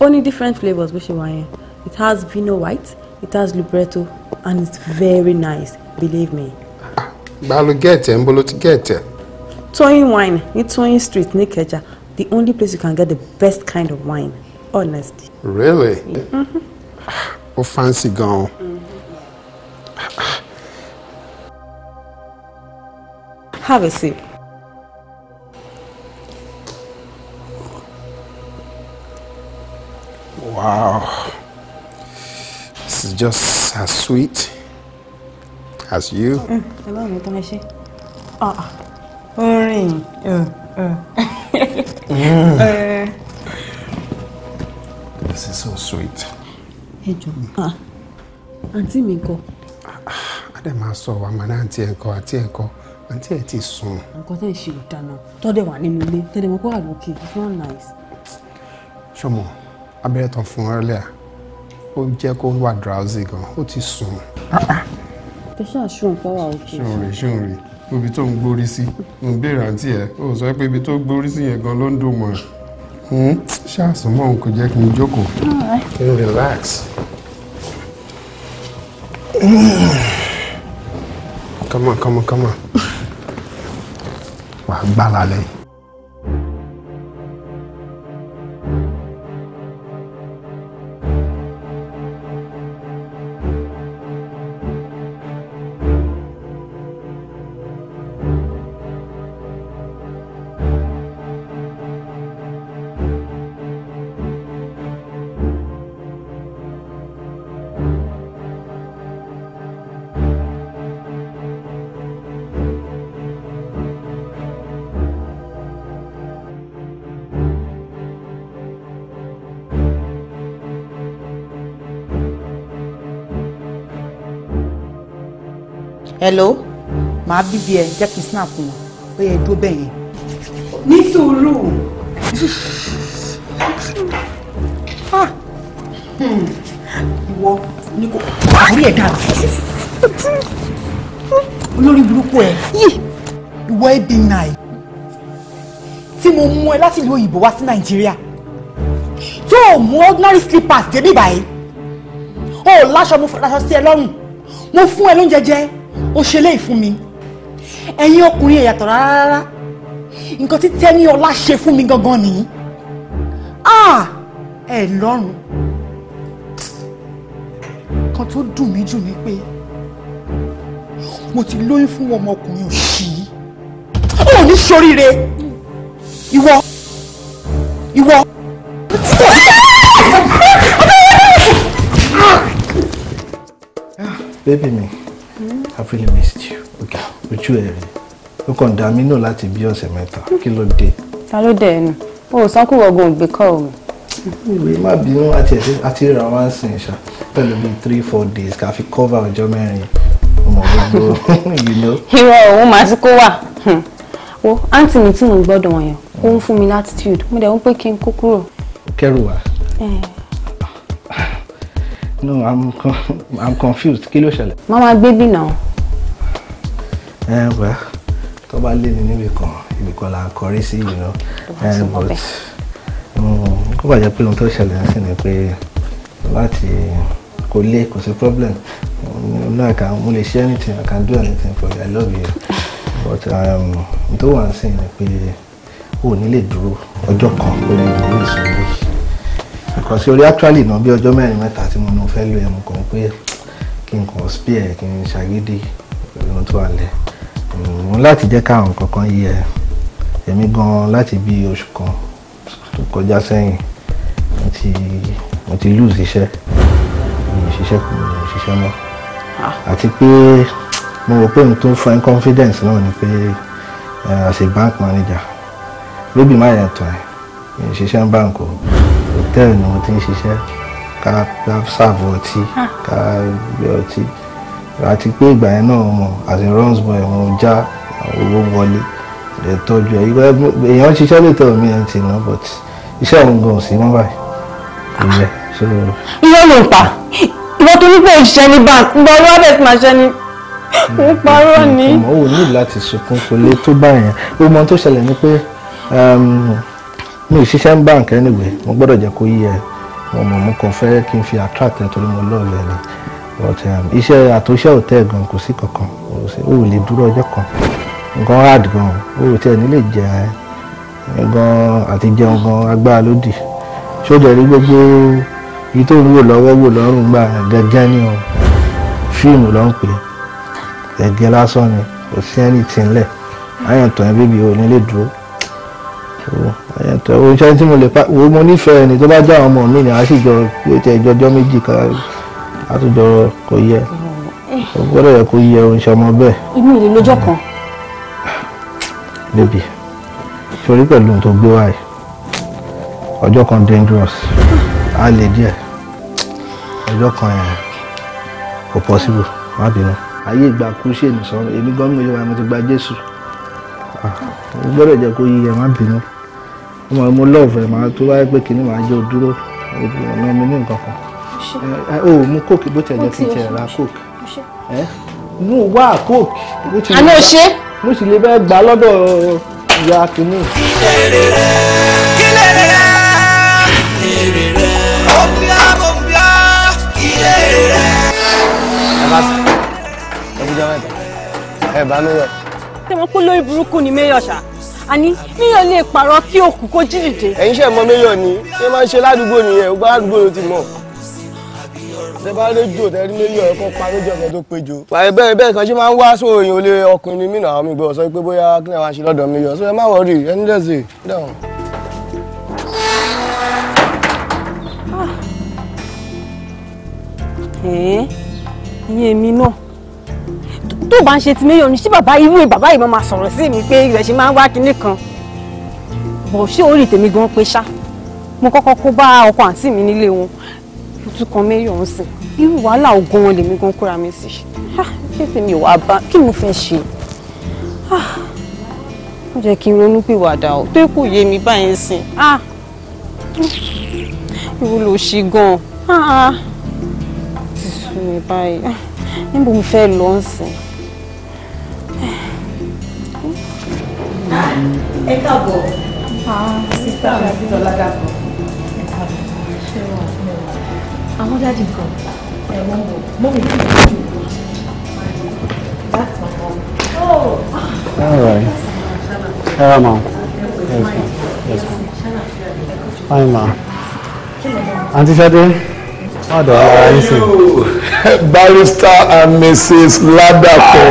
ó ní different flavours bó ṣe wà yẹn it has vino white it has libretto and it's very nice believe me. gbàlú gẹ̀ẹ́tẹ̀ ń bolo ti gẹ̀ẹ́tẹ̀. Toyin wine ní Toyin street ní Ìkẹjà the only place you can get the best kind of wine. Honestly. Really? Mm-hmm. Ó fancy gan Mm-hmm. Have a sip. Wow. This is just as sweet as you. Hello, Mr. Meshi. Ah, ah. Uh, uh. Mm. uh. This is so sweet. Hey John. Ah, auntie ńkọ́. Adé máa sọ wà máa ní àǹtí auntie ńkọ́ àǹtí ẹ̀ ńkọ́ àǹtí ẹ̀ ti sùn. Nǹkan tẹ́ ẹ̀ ṣe ìdáná tọ́dẹ̀ wà nínú ilé tẹ́lẹ̀ mọ́ kó wà lókè it's not nice. Ṣọmọ abẹ́rẹ́ tán from earlier ó jẹ́ kó wà drowsy gan ó ti sùn. Tẹ̀sán àṣùwọ̀n pọ̀ wà òkè. Ṣùnrin ṣùnrin ibi tó ń gbórí sí ń béèrè àǹtí ẹ̀ ó sọ pé ibi tó gbórí sí yẹn gan ló ń dùn mọ́ ẹ̀. Hmm? ṣáàsùn mọ́ òun kò jẹ́ kí n jókòó kí n relax. Hmm. come on come on come on wàá balale. hello màá bíbí ẹ jẹ́ kí n snap wọn ó yẹ dúró bẹ́ẹ̀ yẹn. ní sùúrù. Ah! ìwọ ní kò àárí ẹ̀ dàrú olórí burúkú ẹ ìwọ ẹ bí nàì tí mo mú ẹ láti ìlú òyìnbó wá sí nàìjíríà tó o mú ordinary slippers débí báyìí o ò láṣọ mo fọ láṣọ sí ẹ lọ́rùn mo fún ẹ lóúnjẹ jẹ ó ṣe léyìí fún mi ẹ̀yin ọkùnrin ẹ̀ yàtọ̀ rárá nǹkan tí Tẹ́níọlá ṣe fún mi gangan nìyí ah! ẹ lọ́rùn kan tó dùn mí jù ni pé mo ti lóyún fún ọmọkùnrin òṣì ó ní ṣoríire ìwọ ìwọ. bébì mi. I've really missed you. Okay. Ojú you rí. Look, on the amino nù láti bí ọ̀sẹ̀ mẹ́ta. Kí ló dé? Ta ló dé ẹnu? O ò sọ́kù wọ̀gbọ̀n ògbé kọ́ o. Ìwé má bínú àti three four days ká fi cover ọjọ́ mẹ́rin. Ọmọ gbogbo you know. Irọ́ òun màá ti kó wà. Hmm. Oh, Auntie, mi tí mò ń gbọ́dọ̀ wọ̀nyàn. Ó ń fún mi latitude. Mo dẹ̀ ń pé kí n kó kúrò. No, I'm, I'm confused. Kí ló ṣẹlẹ̀? Màmá gbébí ẹ eh, wẹ tó bá lé mi níbi kan ibì kan là ń kọrí sí yìí lọ ẹ but mm, ó bàjẹ́ pé ohun tó ṣẹlẹ̀ ń sìn ni pé láti kò lé kò sí problem mm, no i can mo lè ṣe anything i can do anything for you i love you but um, ohun tó wà ń sìn ni pé ò ní lè dúró ọjọ́ kan pé mi ò lè sùn lórí because orí actually náà bí ọjọ́ mẹ́rin mẹ́ta tí mo náà fẹ́ lo ẹ̀mú kan pé kí n kàn spare kí n ṣàgídí ohun tó wà lẹ́ẹ̀ òun láti jẹ́ káwọn kankan yé ẹ èmi gan láti bí oṣù kan tó kọjá sẹ́yìn mo ti mo ti lose iṣẹ́ mi ò ṣiṣẹ́ kù mi ò ṣiṣẹ́ mọ́ ah. àti pé mo rò pé mi tó fine confidence náà ni pé eh, as a bank manager lóbi má yẹn tán ẹ mi ò ṣiṣẹ́ ń báǹkì o hòtẹ́ẹ̀lì ni mo ti ń ṣiṣẹ́ ká ká sáàbù ọtí ah. ká gbé ọtí àti pé ìgbà yẹn náà mo as a runs boy mo já owó wọlé ẹ̀ tọ́jú ẹ̀ ìgbà èèyàn ṣiṣẹ́ lè tẹ̀ mí ẹ̀ ti ná but iṣẹ́ òun gan sí mọ́ báyìí so. iye ló ń pa ìwọ tó ní pé ìṣiṣẹ́ ní bank ń bọ̀ wọ́n bẹ̀rẹ̀ sí máa ṣẹ́ ni mo parọ́ ni. ọmọ ò ní láti sunkún kò lè tó báyẹn ó mọ tó ṣẹlẹ̀ ni pé um, mi ò ṣiṣẹ́ ń bank anyway mo gbọ́dọ̀ jẹ́ kó yí ẹ mo mọ̀ mo kàn fẹ́ kí n fi attract ẹ torí mo lọ́ọ̀lẹ́ ni but um, iṣẹ́ àtúnṣe òtẹ́ gan kò sí kankan o ò lè dúró ọjọ́ kan nǹkan hard gan o ò tẹ̀ nílé jẹ gan àti jẹun gan agbára lódì ṣódẹ̀ rí gbogbo iye tó ń wò lọ́wọ́ wò lọ́rùn gbà gẹ́gẹ́ ni o fíìmù ló ń pè gẹ́gẹ́ lásán ni kò sí ẹni tì ń lẹ̀ ayọ̀ntàn bíbí o nílé dúró ayọ̀ntàn oníṣẹ́ tí mo lè pa wo mo nífẹ̀ẹ́ ni tó bá jẹ́ àwọn ọmọ mi ni àá sì jọ pé ó tẹ ìjọjọ́ méjì kára. àtòjọ kò yẹ ọgbọ́dọ̀ yẹ kó yẹ oúnjẹ ọmọ bẹ́ẹ̀. inú ìlú lọ́jọ́ kan. bébì sori pẹ̀lú ohun tó gbé wá yìí kan dangerous a lè díẹ̀ ọjọ kan yẹn kò possible má bínú. ayé ìgbà kúrúṣe sọ èmi mo ti gba jésù ah, gbọ́dọ̀ kó má bínú mo lọ́ọ̀fẹ́ máa tó báyìí pé kínní máa jẹ́ òdúró ní nǹkan kan. o mu coke bó tẹ̀lé fi tẹ̀ ra coke nù wá coke bó ti ṣe mo sì lè bẹ́ẹ̀ gbà lọ́dọ̀ ìyá kìíní. ẹ ṣé mo pé lórí burúkú ni mayor ṣá àní mayor lè pààrọ̀ kí òkú kó jí dìde. ẹ̀yin ṣe mọ mayor ni ṣé máa ń ṣe ládùúgbò nìyẹn ó ládùúgbò ló ti mọ̀ ṣe bá rédíò tẹ rí méjì ọ̀rọ̀ kan pa méjì ọ̀rọ̀ tó péjọ. pàì bẹ́ẹ̀ bẹ́ẹ̀ kan ṣe máa ń wá sóò yín olè ọkùnrin ni mí náà mi gbọ́ sọ pé bóyá kí ni àwọn aṣọ lọ́dọ̀ mi yọ sọ ẹ má wọrí ẹni lẹ́sẹ̀ dáhùn. ẹ̀ẹ́ ìyẹn èmi náà tó bá ń ṣe ti méyọ̀ ni ṣé bàbá irú ẹ̀ bàbá ìmọ̀ máa sọ̀rọ̀ sí mi pé ìrẹ̀ ṣe máa ń wá kinní kan bọ̀ ṣé orí tèmi gan pé ṣá mo kọ́kọ́ kó bá ọkọ àǹtí mi nílé wọn tún kan mẹ́yọ̀ ń sìn irú wàhálà ogun wọn lèmi gan kóra mi sí ṣé mi wàá bá kí mo fẹ́ ṣe ah, ó jẹ́ kí n ronú pìwàdà ó tó kù yé mi báyìí sìn ah, irú ló ṣe gan ah, ti sú mi báyìí níbo mo fẹ́ lọ ń sìn. ẹ káàbọ̀ sísá mi sí tọ́lá dàpọ̀ àwọn dáàdì nǹkan ẹ wọ́n bọ̀ mọ́mí kí ló dé ìlú that's my mom. Oh. all right. ẹ ra màá. yes ma. fine ma. àǹtí Ṣadé ọ̀dọ̀ ara yín sí. barrister and mrs Ladapo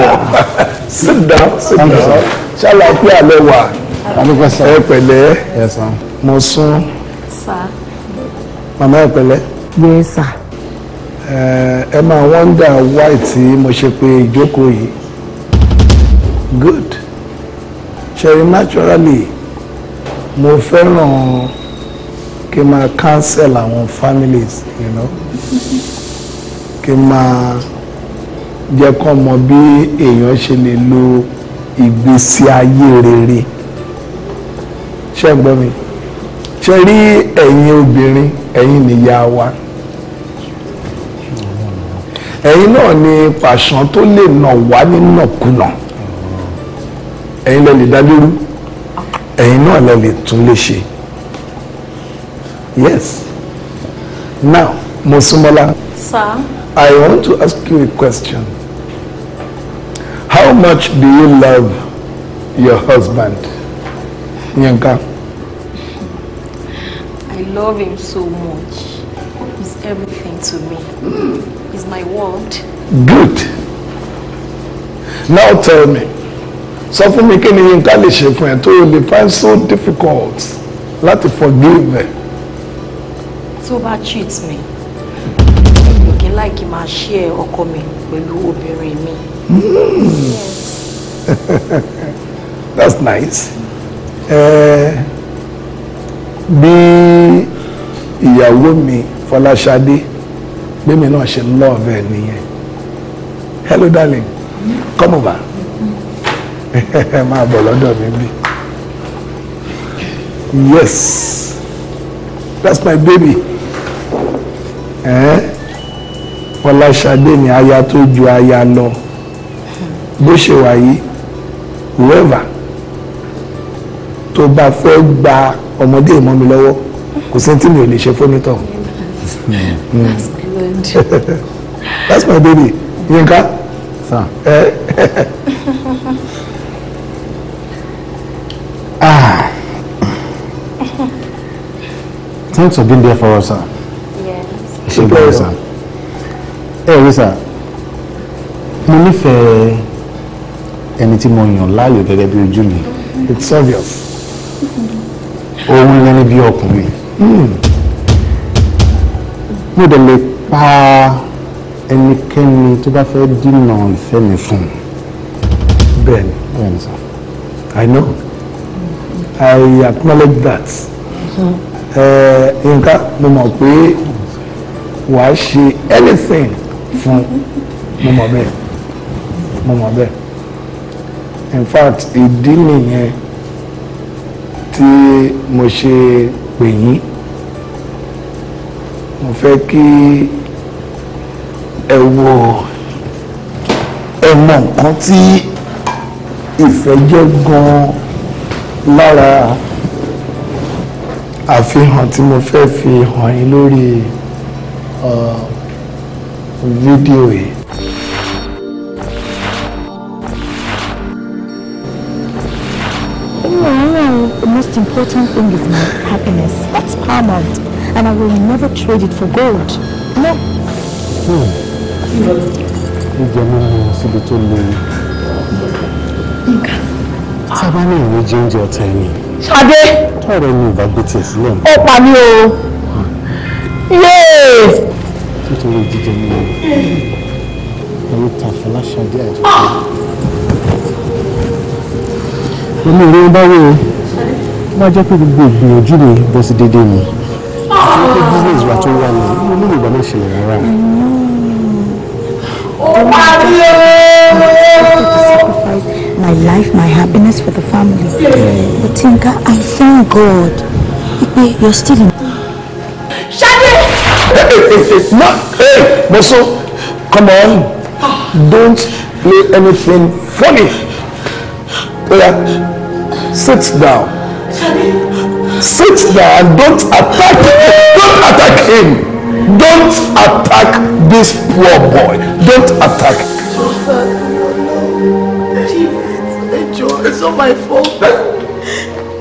sit down sit down ṣàlàyé àlẹ́ wa ẹ pẹ̀lẹ́ mo sún màmá ẹ pẹ̀lẹ́ yes sir. ẹ máa wọ́ndà why tí mo ṣe pé ìjókòó yìí good ṣẹ̀rí naturally mo fẹ́ràn kí n máa cancel àwọn families you know kí n máa jẹ́ kó mọ bí èèyàn ṣe lè lo ìgbésí ayé rere ṣé mi ṣe rí ẹ̀yin obìnrin ẹ̀yin nìyá wa ẹ̀yin náà ni pàṣán tó lè nà wá ní nàkúnà ẹ̀yin lẹ lè dá ẹ̀yin náà lẹ lè tún lè ṣe yes now Mosumola sir I want to ask you a question how much do you love your husband Yinka love him so much. He's everything to me. He's my world. Good. Now tell me, sọ fún mi kí ni Yinka lè ṣe fún ẹ find so difficult to forgive me. So bad treats me. You can like him n share or share ọkọ you pẹ̀lú obìnrin mi. Hmm. That's nice. Uh, bí ìyàwó mi Fọláṣadé gbẹmí náà ṣe lọ́ọ̀bẹ nìyẹn hello darling come over máa bọ̀ lọ́dọ̀ mi bí yes that's my baby Fọláṣadé ni aya tó ju aya lọ bó ṣe wà yìí whoever tó bá fẹ́ gba ọmọdé ìmọ̀ mi lọ́wọ́ kò sí tí mi ò lè ṣe fónítọ̀. that's my baby Yinka. Eh? ah. Thanks for being there for us, sir. Yes. It's a pleasure, sir. Ẹ rí sà, mo nífẹ̀ẹ́ ẹni tí mo yàn láàyò gẹ́gẹ́ bí ojú mi. It's obvious òun yẹn ni bí ọkùnrin hmm. mo dẹ̀ lè pa ẹnikẹ́ni tó bá fẹ́ dínà ìfẹ́ mi fún un bẹ́ẹ̀ ni bẹ́ẹ̀ ni sir I know I acknowledge that eh, nǹkan mo mọ̀ pé wàá ṣe anything fún mo mọ̀ bẹ́ẹ̀ mo mọ̀ bẹ́ẹ̀ in fact ìdí nìyẹn tí mo ṣe pè yín mo fẹ́ kí ẹ wo ẹ mọ nǹkan tí ìfẹ́ jẹ́ gan-an lára àfihàn tí mo fẹ́ fi hàn yín lórí uh, fídíò yìí. important thing is my happiness. That's paramount. And I will never trade it for gold. No. Sábàánì ìwé jẹ́ oúnjẹ ọ̀tẹ̀ ni. Ṣadé. Ọ̀rẹ́ mi ìbá gbé tiẹ̀ sílẹ̀. Ó pa mí o. Yéè. Nítorí jíjẹ mi ni. Ẹ̀rù ta Fọláṣadé àjọ. Omi ìrìn bá wẹ̀ o bá jẹ́ pé gbogbo ìgbìyànjú rẹ̀ bọ́ sí déédéé ni ṣé business wa tó wà ní mo ní ìgbà náà ṣẹlẹ̀ rárá. ó wá rí o. My life, my happiness for the family. Yeah. I thank God. Ipe, you're still in. Shade! No, hey, Boso, come on. Don't play anything funny. Yeah. Sit down. Sit there and don't attack him. Don't attack him. Don't attack this poor boy. Don't attack. It's not my fault.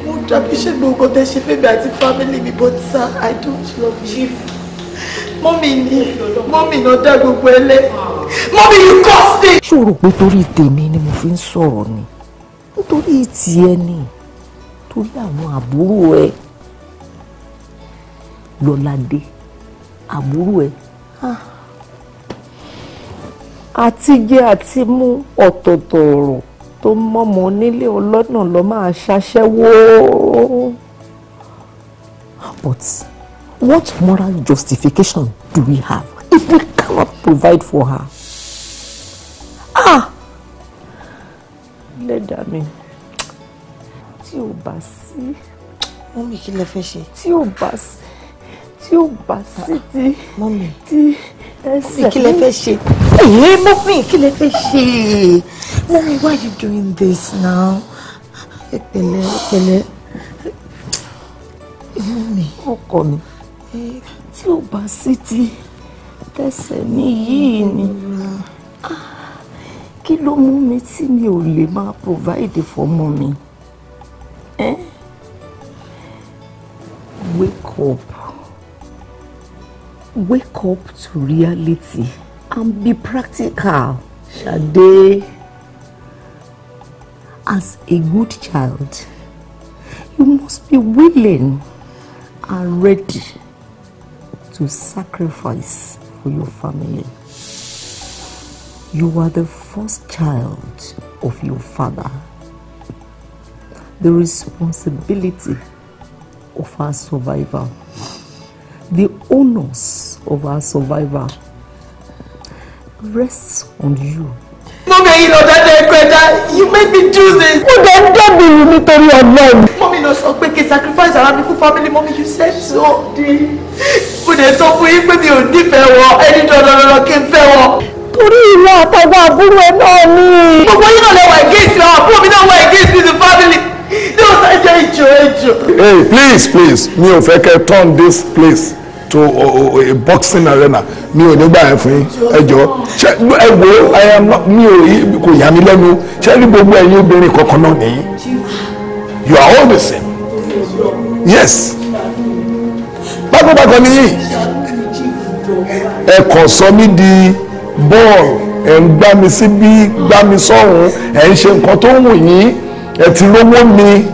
Mo dàbí ṣe gbogbo tẹ ṣe fẹ́ mi àti family but sir I don't love you. Mọ́mì mommy, mọ́mì náà dá gbogbo ẹ lẹ́. Mọ́mì you cause me. Ṣòro pé torí tèmi ni mo fi ń sọ̀rọ̀ ni nítorí tiẹ̀ ni torí àwọn àbúrò ẹ lọ́ládé àbúrò ẹ ah. àti jẹ àti mú ọ̀tọ̀ọ̀tọ̀ ọ̀rọ̀ tó mọ́mọ́ nílé ọlọ́nà lọ máa ṣaṣẹ́wó but what moral justification do we have if we cannot provide for her ah lẹ́dàá mi tí ò bá sí. mọ́mí kí lẹ fẹ́ ṣe. tí ò bá sí tí ò bá sí ah, ti mọ́mí ti ẹsẹ̀. mọ́mí kí lẹ fẹ́ ṣe. ẹ̀yẹ́ mọ́mí kí lẹ fẹ́ ṣe. mọ́mí why you doing this now? ẹ pẹ̀lẹ́ ẹ pẹ̀lẹ́ mọ́mí. ọkọ mi tí ò bá sí ti tẹsẹ̀ mi yìí ni ah, kí ló mú mi tí mi ò lè máa provide for mi. Eh? Wake up. Wake up to reality and be practical, Shade. As a good child, you must be willing and ready to sacrifice for your family. You are the first child of your father the responsibility of our survival, the onus of our survival rests on you. Mommy, ẹ̀yin lọ́dọ̀ dé ẹgbẹ́dá, you made me do this. Mo dẹ̀ ń dẹ́bi mi nítorí Ọlọ́run. Mọ́mí lọ sọ pé kí sacrifice ara mi fún family mọ́mí you said so. Mo dẹ̀ sọ fún yín pé mi ò nífẹ̀ẹ́ wọn, ẹni dandandandan kí n fẹ́ wọn. Torí ìlú àtàwọn àbúrò ẹ náà ni. Gbogbo yín náà lè wà against mi, àwọn àbúrò mi náà wà against me the family ẹjọ ẹjọ ẹjọ. hey please please mi ò fẹ́ kẹ́ turn this place to uh, uh, a boxing arena mi ò nígbà yẹn fún yín ẹjọ ẹ wo ẹ mi ò kò yà mí lẹ́nu ṣé ní gbogbo ẹ̀yin obìnrin kankan náà nìyí you are all the same yes bákan nìyí ẹ kàn sọ mí di bọ́ọ̀lù ẹ̀ ń gbá mi síbí gbá mi sọ́hùn ẹ̀ ń ṣe nǹkan tó ń wù yín ẹ ti lówó ni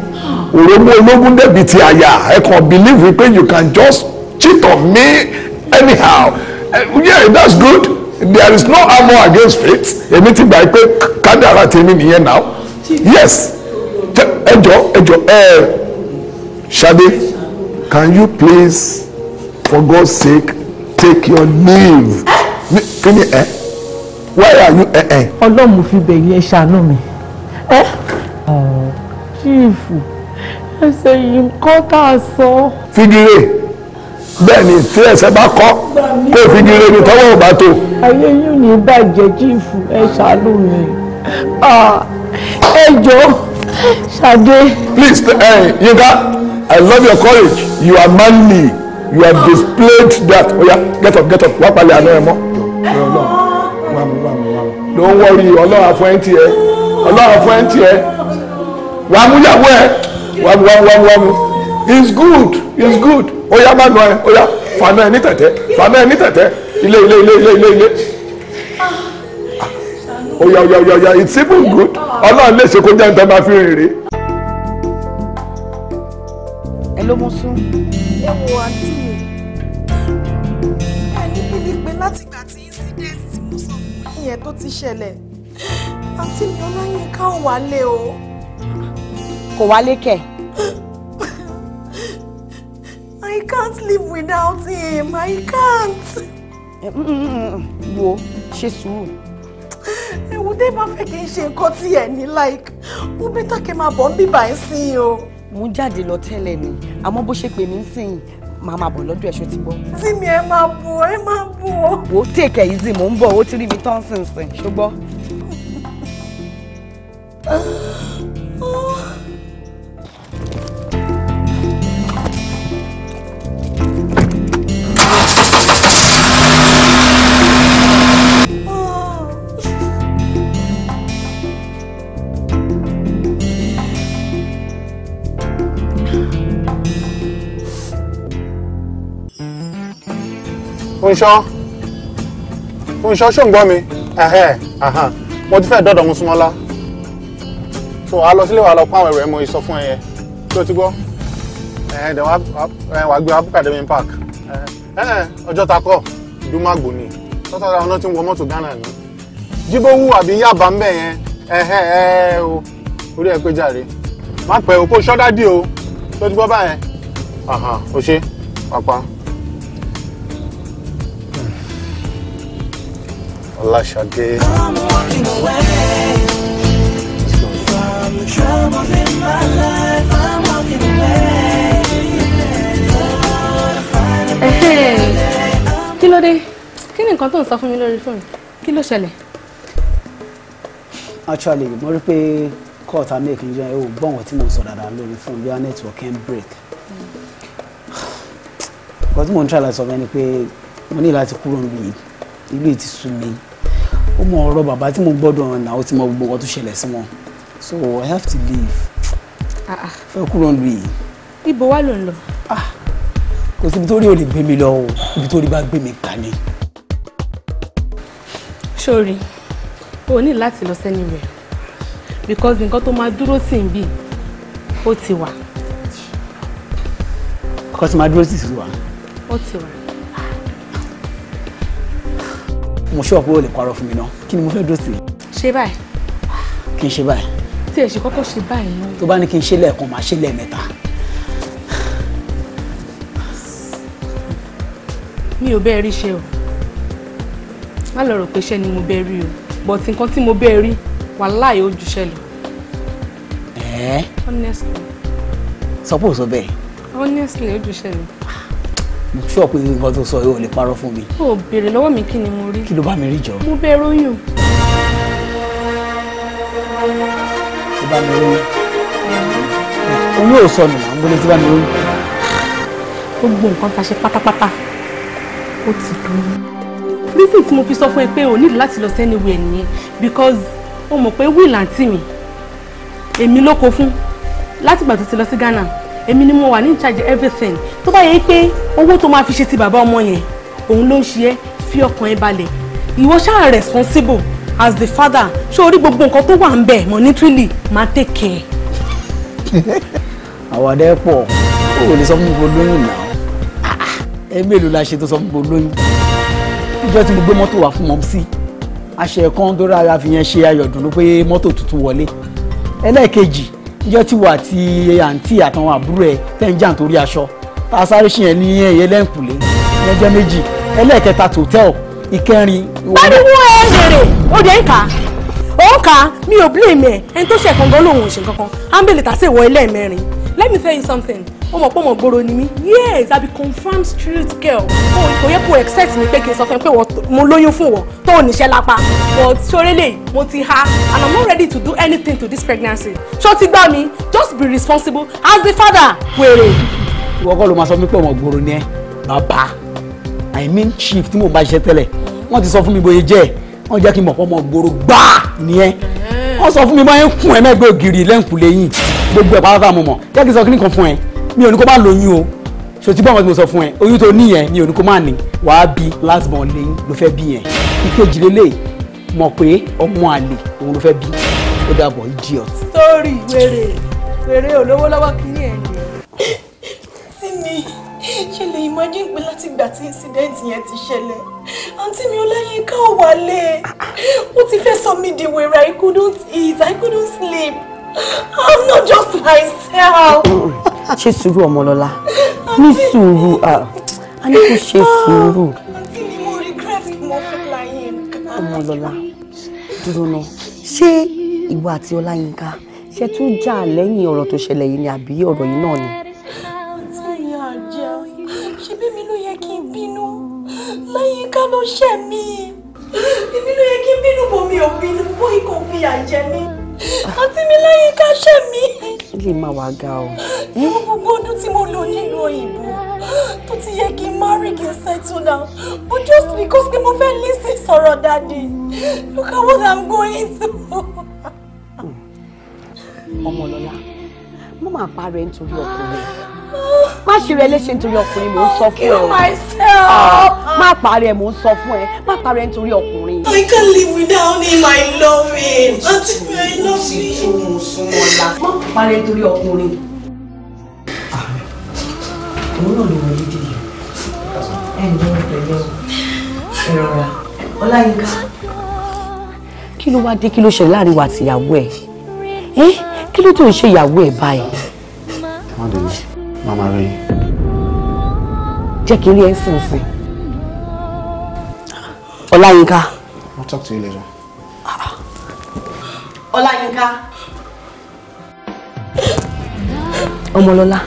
òrómú ológun dẹ̀bi ti àyà ẹ kàn believe wípé you can just cheat on me anyhow uh, yeah that's good there is no armor against faith èmi ti gbà pé kádàrà tèmi nìyẹn now yes ẹjọ ẹjọ ẹ Ṣadé can you please for God's sake take your leave kí ni ẹ why are you ẹ ẹ. ọlọ́run fi bẹ̀yẹ ṣàánú mi chiefu ẹsẹ̀ yìí ń kọ́ tá a sọ. fìdíre bẹ́ẹ̀ ni tí ẹsẹ̀ bá kọ́ kó fìdíre ni tọ́wọ́ ò bá tó. ayé yóò ní bàjẹ́ chiefu ẹ ṣàánú mi ẹ jọ ṣàdé. please uh, Yinka I love your courage you are manly you have displayed that oya get up get up wá palẹ̀ àná ẹ mọ́. don't worry ọlọ́run afọ ẹ̀ ń tiẹ̀ ọlọ́run afọ ẹ̀ ń tiẹ̀ wàá mú yàwó ẹ wàá mú it's good it's good Oya yá má nù ẹ ó yá fàmẹ́ ẹ ní tẹ̀tẹ̀ fàmẹ́ ẹ ní tẹ̀tẹ̀ ilé ilé ilé ilé ilé ilé ó yá ó yá it's even good ọlọ́run lè ṣe kó jẹ́ nítorí máa fi rìn rè. ẹ ló mú sún. ẹ wo àǹtí mi ẹ ní bí mi pé látìgbà tí incident mo sọ fún yín yẹn tó ti ṣẹlẹ̀ àǹtí mi ọlọ́yinka ò wálé o kò wálé kẹ̀. I can't live without him. I can't. Mm, mm, mm, wo ṣe sùúrù. Ewu dé máa fẹ́ kí n ṣe nǹkan tí ẹ̀ ní like. Mo bẹ́tà kí n máa bọ̀ ń bíbà ẹ̀ sí i o. Mo ń jáde lọ tẹ́lẹ̀ ni, àmọ́ bó ṣe pè mí sìn màá máa bọ̀ lọ́dọ̀ ẹ̀ṣọ́ ti gbọ́. Tí mi ẹ máa bọ̀ ẹ máa bọ̀. Wo take it easy mò ń bọ̀ ó ti rí mi tán sínsìn ṣùgbọ́n. Fúnṣọ́ Fúnṣọ́ ṣó ń gbọ́ mi mo ti fẹ́ dọ́dọ̀ mu súnmọ́lá so a lọ sílé wa lọ pọ́n àwọn ẹ̀rọ ẹ̀ mo sọ fún ẹ yẹn tó ti gbọ́ ẹ̀ẹ́dẹ̀ wàá gbé abúkàdémi park ẹ̀ẹ́ ọjọ́ takọ̀ dùmágbò ni tọ́tọ́ra ọ̀nà tí ń wọ mọ́tò Ghana ni jíbówú àbí yábà ń bẹ̀ yẹn ẹ̀ẹ́ ẹ̀ẹ́ o orí ẹ̀ pé jàre má pẹ́ o kó sọ́dá dì o tó ti gbọ́ báyẹn o ṣe pàpà. Ọláṣadé. I'm walking away from the troubles in my life. I'm walking Kí ló dé? Kí ni nǹkan tó ń sọ fún mi lórí fóònù? Kí ló ṣẹlẹ̀? Actually, mo rí pé court amẹ́kì ń jẹ́ ẹ̀ ò gbọ́n tí mo sọ dáadáa lórí fóònù bí wọ́n network ń break. Nǹkan tí mo ń try láti sọ fún ẹni pé mo ní láti kúrò níbi ìlú ìtìsú mi ó mọ ọ̀rọ̀ bàbá tí mo gbọ́dọ̀ ọ̀nà ó ti mọ gbogbo nǹkan tó ṣẹlẹ̀ sí wọn so i have to leave ah, ah. fẹ́ kúrò lù yìí. ibo wá ló ń lọ. Ah, kò síbi tó rí ò lè gbé mi lọ o ibi tó rí bá gbé mi gbà ni. sori o ní láti lọ sẹ́ni rẹ̀ because nǹkan tó máa dúró tì ń bì ó ti wà. nǹkan tó máa dúró tì sí wa. ó ti wà. mo ṣọ́ pé o lè parọ́ fún mi náà kí ni mo fẹ́ dúró sí. ṣe báyìí. kí n ṣe báyìí. tí èsì kọ́kọ́ ṣe báyìí náà. tó bá ní kí n ṣe lẹ́ẹ̀kan máa ṣe lẹ́ẹ̀mẹ́ta. mi ò bẹ́ẹ̀ rí ṣe o má lọ rò pé iṣẹ́ ni mo bẹ́ẹ̀ rí o but nǹkan tí mo bẹ́ẹ̀ rí wàláhì ó jùṣẹ́ lọ. ẹ̀ẹ́. honestly. sọ pé o sọ bẹ́ẹ̀. honestly ó jùṣẹ́ lọ mo sọ pé nǹkan tó sọ yìí ò lè parọ́ fún mi. o béèrè lọ́wọ́ mi kí ni mo rí. kí ló bá mi rí jọ. mo bẹ róyún. tó bá mi róyún. oyún ò sọnù náà ń gbọ́dọ̀ tó bá mi róyún. gbogbo nǹkan tá a ṣe pátápátá ó ti dùn. nísìnyí tí mo fi sọ fún ẹ pé o nílò láti lọ sẹ́ni wẹ̀ nìyẹn because o mọ̀ pé wíìlì àǹtí mi èmi ló kó fún látìgbà tó ti lọ sí Ghana èmi ni mo wà ní charge everything tó bá yẹ pé owó tó máa fi ṣe ti bàbá ọmọ yẹn òun ló ń ṣe é fi ọkàn ẹ balẹ̀ ìwọ ṣáà responsible as the father ṣé orí gbogbo nǹkan tó wà ń bẹ̀ monetarily máa take care. àwọn adé pọ̀ ó lè sọ fún gbogbo lóyún náà ah, ah. ẹ mélòó la ṣe tó sọ fún gbogbo lóyún ìjọ tí mo gbé mọ́tò wá fún mọ́ sí àṣẹ kan tó rárá fi yẹn ṣe ayọ̀dùn ló pé mọ́tò tuntun wọlé ẹlẹ́ẹ̀kejì níjọ́ tí wà tí àǹtí àtàwọn àbúrò ẹ̀ tẹ̀ ń jà nítorí aṣọ tá a sáré ṣìyẹn ní ẹ̀yẹ lẹ́ǹkùlé lọ́jọ́ méjì ẹlẹ́ẹ̀kẹta tòtẹ́ọ̀ ìkẹrin. pariwo ẹ lèrè ó dé ń kà á ó ń kà á mi ò blame ẹ ẹni tó ṣe kankan lòun ò ṣe kankan ámbèlè tàṣe ìwọ ẹlẹ́ẹ̀mẹrin let me tell you something ó mọ̀ pé ọmọ gbòòrò ni mí yes i be confirmed street girl kò yẹ kó expect mi pé kí n sọ fún ẹ pé mo lóyún fún wọn tó ò níṣẹ́ lápá but sórélè mo ti ha and i'm not ready to do anything to this pregnancy ṣó ti gbá mi just be responsible as the father wèrè. ìwọ kọ́ ló máa sọ mi pé ọmọ gbòòrò ni ẹ bàbá i mean chief tí mo bá ṣiṣẹ́ tẹ́lẹ̀ wọ́n ti sọ fún mi bóyá jẹ́ wọ́n jẹ́ kí n mọ̀ pé ọmọ gbòòrò gbáà ni ẹ wọ́n sọ fún mi bóyá ń kún ẹ mẹ́gbẹ́ ògiri lẹ́ǹkù lẹ́yìn gbogbo ẹ̀ pátá mo mọ̀ jẹ́ kí n sọ kí ni kan fún ẹ mi ò ní kó má lóyún o sotí báwọn ti mo sọ fún ẹ oyún tó níyẹn mi ò ní kó má ní wàá bí last born lẹ́yìn ló fẹ́ bí yẹn ìkejì lélẹ̀ mọ̀ pé ọmọ àlè òun ló fẹ́ bí ó dàbọ̀ idiot. sórí wèrè wèrè olówó lọ́wọ́ kiri ẹ̀ ni. tí mi ṣe lè imagine pé láti ìgbà tí incident yẹn ti ṣẹlẹ̀ àǹtí mi ọláyínká ò wálé ó ti fẹ́ sọ mí di wèrè I couldn't eat I couldn't sleep I'm not just myself ṣe sùúrù ọmọlọ́lá ní sùúrù a ní kó ṣe sùúrù. ọmọlọ́lá dúró náà ṣé ìwà àti ọláyínká ṣe tún jà lẹ́yìn ọ̀rọ̀ tó ṣẹlẹ̀ yìí ni àbí ọ̀rọ̀ yìí náà ni. ṣé bí mi ló yẹ kí n bínú láyínká ló ṣẹ̀ mí èmi ló yẹ kí n bínú bọ̀ mi ò bínú bó ikọ̀ fi àjẹ mi àti mi láyínká ṣẹ̀ mí ilé máa wà ga o. ìwọ gbogbo ọdún tí mo lò nílùú òyìnbó tó ti yẹ kí n marry kí n settle down but just because pé mo fẹ́ lísì sọ̀rọ̀ dáadé look at what i'm going through. Hmm. ọmọlọ́lá mo máa pa rẹ nítorí ọkùnrin má ṣe rẹ léṣe nítorí ọkùnrin mò ń sọ fún ẹ o ah, má pa rẹ mò ń sọ fún ẹ má pa rẹ nítorí ọkùnrin. I can't live without him I love him àti mi I love him. ti tó mu súnmọ́ la má pa rẹ nítorí ọkùnrin. Ah, òun náà ló wọlé dìde ẹ ǹjẹ́ mo pẹ̀lú ìrora Ọláyínká. kí ló wá dé kí ló ṣẹlẹ̀ láàrin wa àtìyàwó ẹ̀ ẹ́. Eh? kí ló tó ń ṣe ìyàwó ẹ̀ báyìí. má rẹ yín. jẹ́ kí n rí ẹ sínsìn. Ọláyínká. I'll talk to you later. Ọláyínká. Ọmọlọ́lá.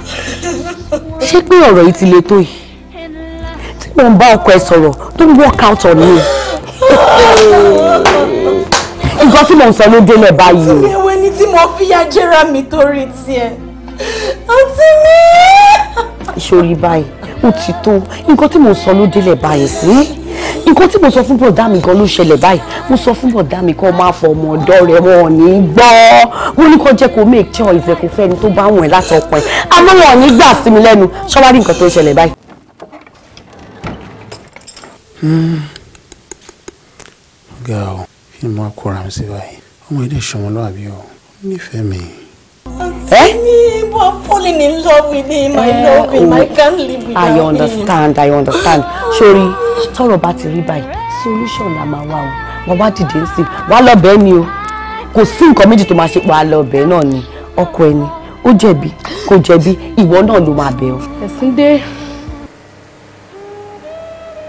Ṣé pé ọ̀rọ̀ yìí ti le tó yìí? Tí mo ń bá ọkọ ẹ sọ̀rọ̀ tó ń work out on me nǹkan tí mò ń sọ ló délẹ̀ báyìí. àǹtí mi ẹ̀wẹ̀ ni tí mo fi ya jẹ́ra mi torí tiẹ̀ àǹtí mi. ìṣòrí báyìí ó ti tó nǹkan tí mò ń sọ ló délẹ̀ báyìí sí nǹkan tí mo sọ fún bọ̀dá mi gan ló ṣẹlẹ̀ báyìí mo sọ fún bọ̀dá mi kó máa fọ ọmọ ọ̀dọ́ rẹ̀ wọn ò ní gbọ́ wọn ní kó jẹ́ kó make sure ìfẹ́ kò fẹ́ ẹni tó bá wọn ẹ̀ láti ọkọ ẹ̀ àmọ́ wọn ò ní gbà sí mi lẹ́nu ṣọ́wárí nǹkan tó ṣẹlẹ̀ báyìí. Hmm. ga o ni mo kóra mi sí báyìí ọmọ ilé ìṣọmọlúwàbí o nífẹ̀ẹ́ mi. Eh? I'm falling in love with him. I love him. I oh, can't understand. Him. I bá ti rí báyìí. Solution la máa wá o. Wọ́n wá dìde sí. Wá lọ́bẹ̀ẹ́ ni o. Kò sí nǹkan méjì tó máa ṣe pa lọ́bẹ̀ẹ́ náà ni. Ọkọ ẹni. Ó jẹ̀bi. Kò jẹ̀bi. Ìwọ náà ló máa bẹ̀ o. Ẹ̀sìn dé.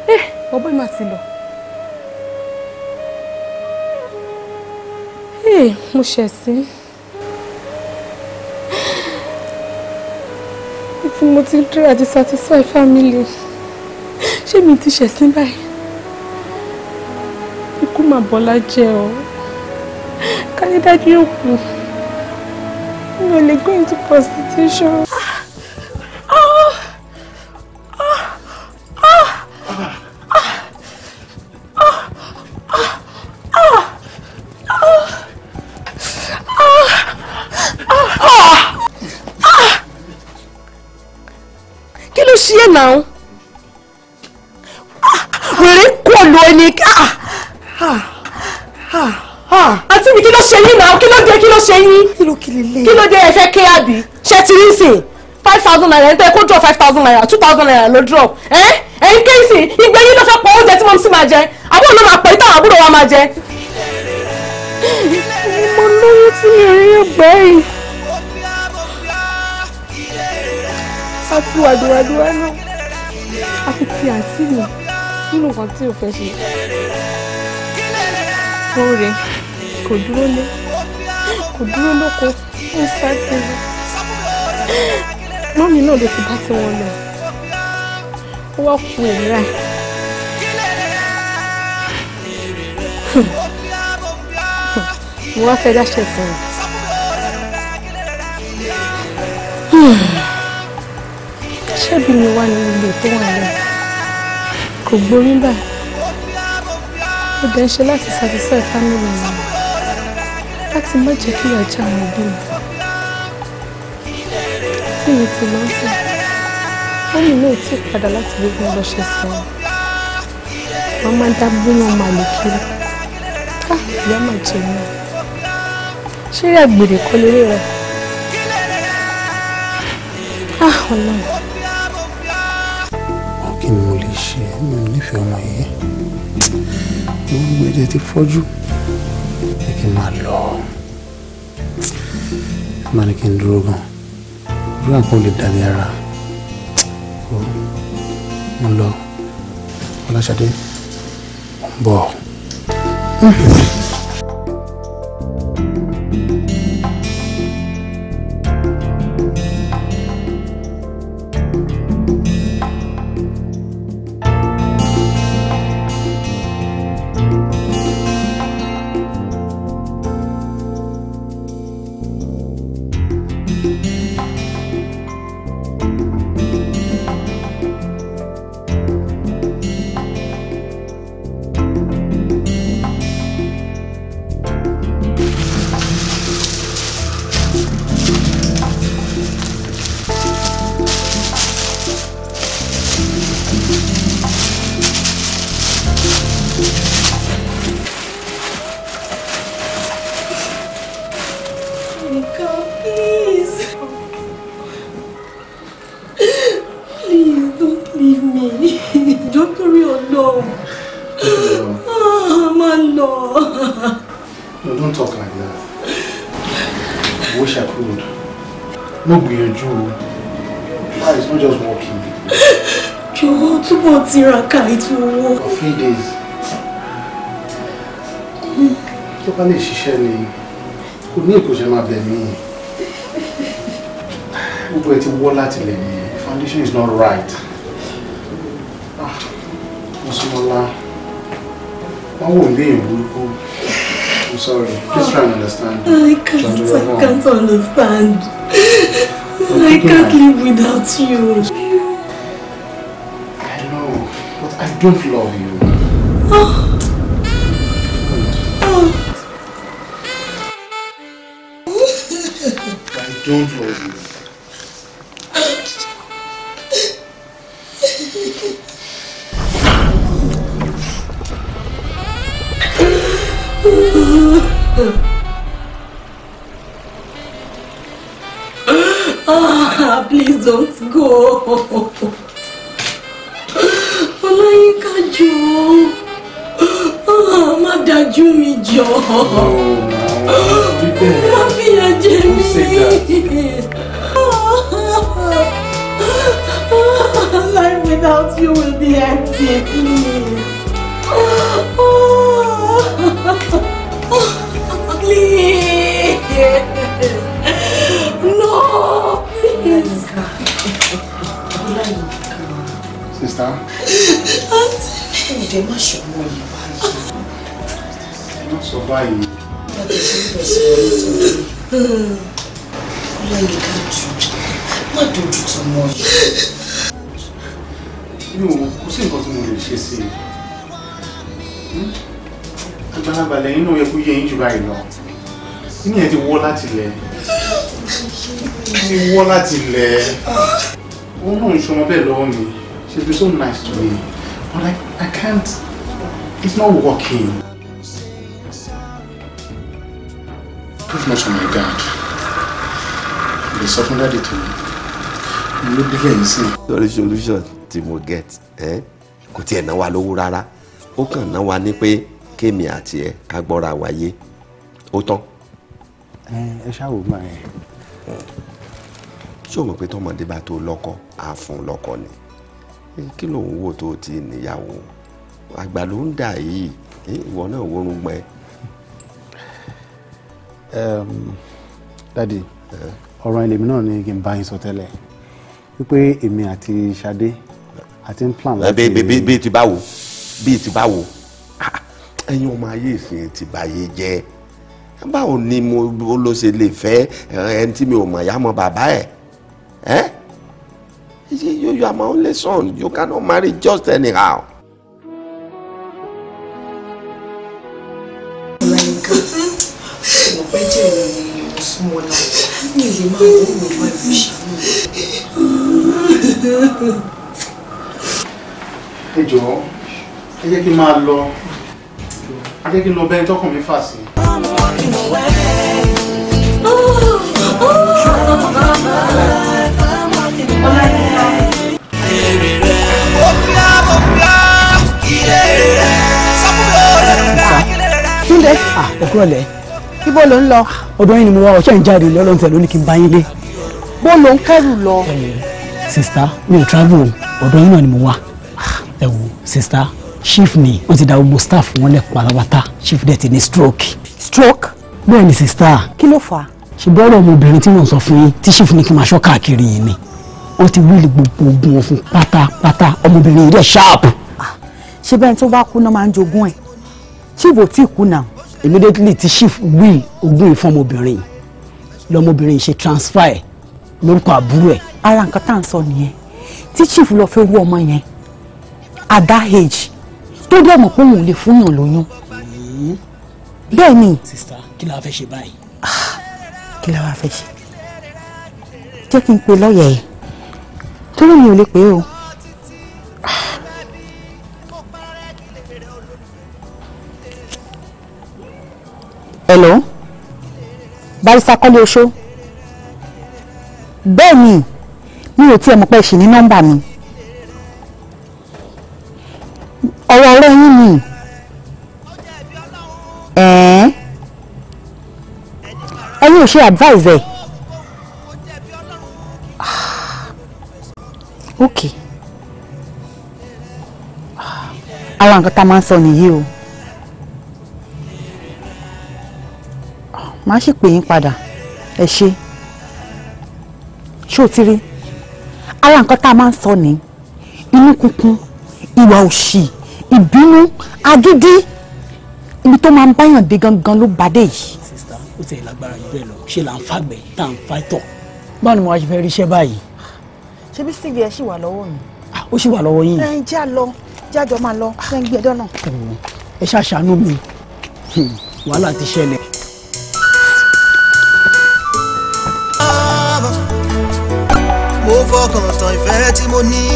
Eh, ọbẹ̀ máa ti lọ. Hey, mo ṣẹ̀ sí. Tí mo ti dúró àti satisfy family, ṣé mi ti ṣẹ̀ sí báyìí? Ikú mà bọ́lá jẹ́ o. Káyé dájú yóò kú. Mi ò lè go into prostitution. Ah! here now. Wèrè kú ọ̀lọ́ ẹni ká. Ah! Ah! Ah! Àǹtí mi kí ló ṣe yín náà? Kí ló dé kí ló ṣe yín? Kí ló kìlì lè? Kí ló dé ẹ̀fẹ́ ti rí sìn? Five thousand naira ẹni tẹ́ kó drop five thousand naira two thousand naira ló drop. Ẹ̀yin kéyìsì ìgbẹ́ yín ló fẹ́ pọ̀ oúnjẹ tí mo sì máa jẹ. Àbúrò ló máa pọ̀ ìtàn àbúrò wa máa jẹ. Mo lóyún tí mi rí ẹgbẹ́ yìí. a fi wàdùwàdùwà náà a fi ti àǹtí mi nínú nǹkan tí ò fẹ́ ṣe. oore kò dúró lé kò dúró lóko ó sá kiri mọ́mí náà ló ti bá tí wọ́n lọ ó wá ku èèrà mo wá fẹ́ dáṣẹ̀ fún un ṣẹ́bi mi wà ní ilé tó wà lẹ́yìn kò gborí báyìí ó dẹ̀ ṣe láti satisfy family mi láti má jẹ́ kí ìyàjá àwọn òbí mi tí mi ti lọ sí fóònù náà tí padà láti bí wọn ṣe sọ wọn máa dá gbóná màlúù kiri ká ah, ìyá máa jẹ náà ṣé àgbèrè kọ́ lórí rẹ̀ ah ọlọ́run. ẹ̀jẹ̀ ti fọ́jú ẹ kí n máa lọ ẹ máa ní kí n dúró gan irú àpò lè dà mí ara ó ń lọ ọlọ́ṣadé ń bọ̀. jọ̀wọ́ túbọ̀ tiraka ètò owó. for three days tó bá lè ṣiṣẹ́ ni kò ní ìkóṣẹ́ máa bẹ̀ mí gbogbo ẹ ti wọ́ láti lè ní foundation is not right. Ah, Mọ́sọ́mọ́lá, I won't be in burúkú. I'm sorry. Please try and understand. I can't. I can't understand. I can't live without you. don't love you. I don't love you. Ah, please don't go. yanjú mi jọ má fìyà jẹ mí. Life without you will be empty, please. No, please. Sister. Auntie. Ṣé má ṣe wọ̀nyí? sọ báyìí. láti ṣe ìbẹ̀ sí ọ̀rọ̀ tó ń bọ̀ lẹ́yìn ká jù má dojú tó mọ́ yìí. mi ò kú sí nǹkan tí mo lè ṣe sí i hmm? àgbàlagbà lẹ́yìn náà yẹ kó yẹ yín jù báyìí lọ inú yẹn ti wọ́ láti lẹ̀ ti wọ́ láti lẹ̀ òun náà ń ṣọmọ bẹ́ẹ̀ lọ́wọ́ mi she's been so nice to me but I, I can't it's not working. If not for my dad, I dey suffer to me. Mo ló délé yìí sí. Lórí solution tí mo get eh, kò tiẹ̀ náà wá lówó rárá. Ó kàn náà wá ní pé kémi àti ẹ ká gbọ́ra wáyé. Ó tán. Eh, ẹ ṣáà wò ó máa yẹn ṣé o mọ̀ pé tọmọdé bá tó lọ́kọ á fún ni eh, kí lòun wò tó ti níyàwó àgbà ló ń dà yìí ìwọ náà wórun gbẹ dadi ọ̀rọ̀ ilé mi náà ni kí n bá yín sọ tẹ́lẹ̀ wípé èmi àti Ṣadé àti ń plan láti. bíi ti báwo bíi ti báwo ah, ẹ̀yin ọmọ ayé ìsìn ti báyé jẹ́ báwo ni mo ló ṣe lè fẹ́ eh, ẹni tí mi ò mọ̀ ìyá mọ̀ bàbá ẹ̀ eh? ẹ́ you you are my only son you cannot marry just anyhow. ẹ jọ̀ọ́ ẹ jẹ́ kí n máa lọ ẹ jẹ́ kí n lọ bẹ́ẹ̀ tọkàn mi fà sí. Túndé, ah, ẹ kúrò lẹ́yìn ibo ló ń lọ. ọ̀dọ̀ yín ni mo wá ọṣẹ ń jáde lọ́lọ́run tẹ lónìí kí n bá yín lé. bó ló ń kẹrù lọ. sista mi ò travel ọ̀dọ̀ yín náà ni mo wá ẹ wo sista chief ni wọ́n ti da gbogbo staff wọn lẹ parabata chief dẹ ti ní stroke. stroke. bẹ́ẹ̀ ni sista. kí ló fà á. ṣùgbọ́n ọ̀rọ̀ ọmọbìnrin tí wọ́n sọ fún yín tí chief ní kí n máa ṣọ́ káàkiri yìí ni wọ́n ti wíìlì gbogbo ogun wọn pátápátá ọmọbìnrin yìí dẹ̀ sharp. Ah, ṣé bẹ́ẹ̀ tó bá kú náà máa ń jogún ẹ̀ chief ò tí ì kú náà immediately ti chief will ogún ìfọmọbìnrin lọmọbìnrin ṣe transfer ẹ lórúkọ àbúrò ẹ. ara nǹkan tá à ń sọ nìyẹn tí chief lọ fẹ́ wú ọmọ yẹn at that age tó dẹ̀ mọ̀ pé òun lè fún yàn lóyún hmm. bẹ́ẹ̀ ni. sista kí la fẹ́ ṣe báyìí. Ah, kí la wá fẹ́ ṣe jẹ́ kí n pe lọ́ọ̀yà ẹ̀ torí mi ò lè pè é o. hello barisa kọ́lé oṣó bẹ́ẹ̀ ni mi ò tiẹ̀ mọ̀ pé ṣì ní nọ́mbà mi ọ̀rọ̀ ọ̀rẹ́ yín ni ẹ̀ẹ́n ẹ̀yin ò ṣe advice ẹ̀ ah, ok ah, àwọn nǹkan tá a máa ń sọ nìyí o. màá sì pè yín padà ẹ ṣe ṣé o ti rí ara nǹkan tá a máa ń sọ ní inú kunkun ìwà òṣì ìbínú agídí ibi tó máa ń báyàn dé gangan ló bá dé yìí. sista ó ti lágbára jù bẹ́ẹ̀ lọ ṣé là ń fàgbẹ́ tá à ń fa ìtọ̀. báwo ni mo wá ṣe fẹ́ rí iṣẹ́ báyìí. ṣé bí cv ẹ ṣì wà lọ́wọ́ mi. Ah, ó ṣì wà lọ́wọ́ yín. ẹ jẹ́ à lọ jájọ máa lọ ṣé ń gbé ẹjọ́ náà. ẹ ṣàṣàánú mi hmm, wàhálà ti ṣẹlẹ̀. ó fọkàn tán ìfẹ́ tí mo ní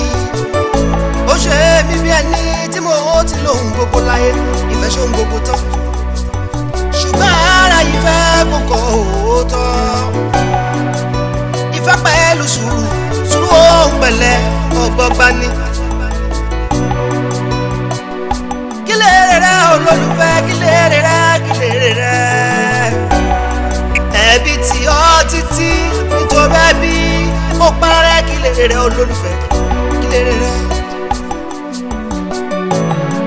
ó ṣe mí bí ẹni tí mo ó ti lóhun gbogbo láyé ìfẹ́ ṣóhun gbogbo tán ṣùgbọ́n ara ìfẹ́ kò kọ́ òótọ́ ìfẹ́ pẹ̀lú sùúrù sùúrù ó pẹ̀lẹ́ ọgbọ́gba ni. kílèrè rẹ olólùfẹ́ kílèrè rẹ kílèrè rẹ ẹbí tí ọ títí nítorí ẹbí kó parẹ́ kí lè rẹ̀ olólùfẹ́ kí lè rẹ̀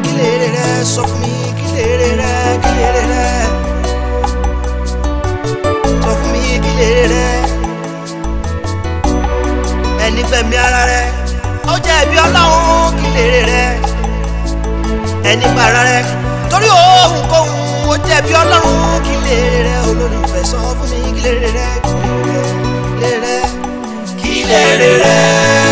kí lè rẹ̀ sọ fún mi kí lè rẹ̀ kí lè rẹ̀ sọ fún mi kí lè rẹ̀ ẹni gbẹ̀mí ara rẹ̀ ó jẹ̀bi ọlọ́run kí lè rẹ̀ ẹni pa ara torí òun kò hun ó jẹ̀bi ọlọ́run kí lè rẹ̀ olólùfẹ́ sọ fún mi kí lè rẹ̀ kí lè rẹ̀. let it out.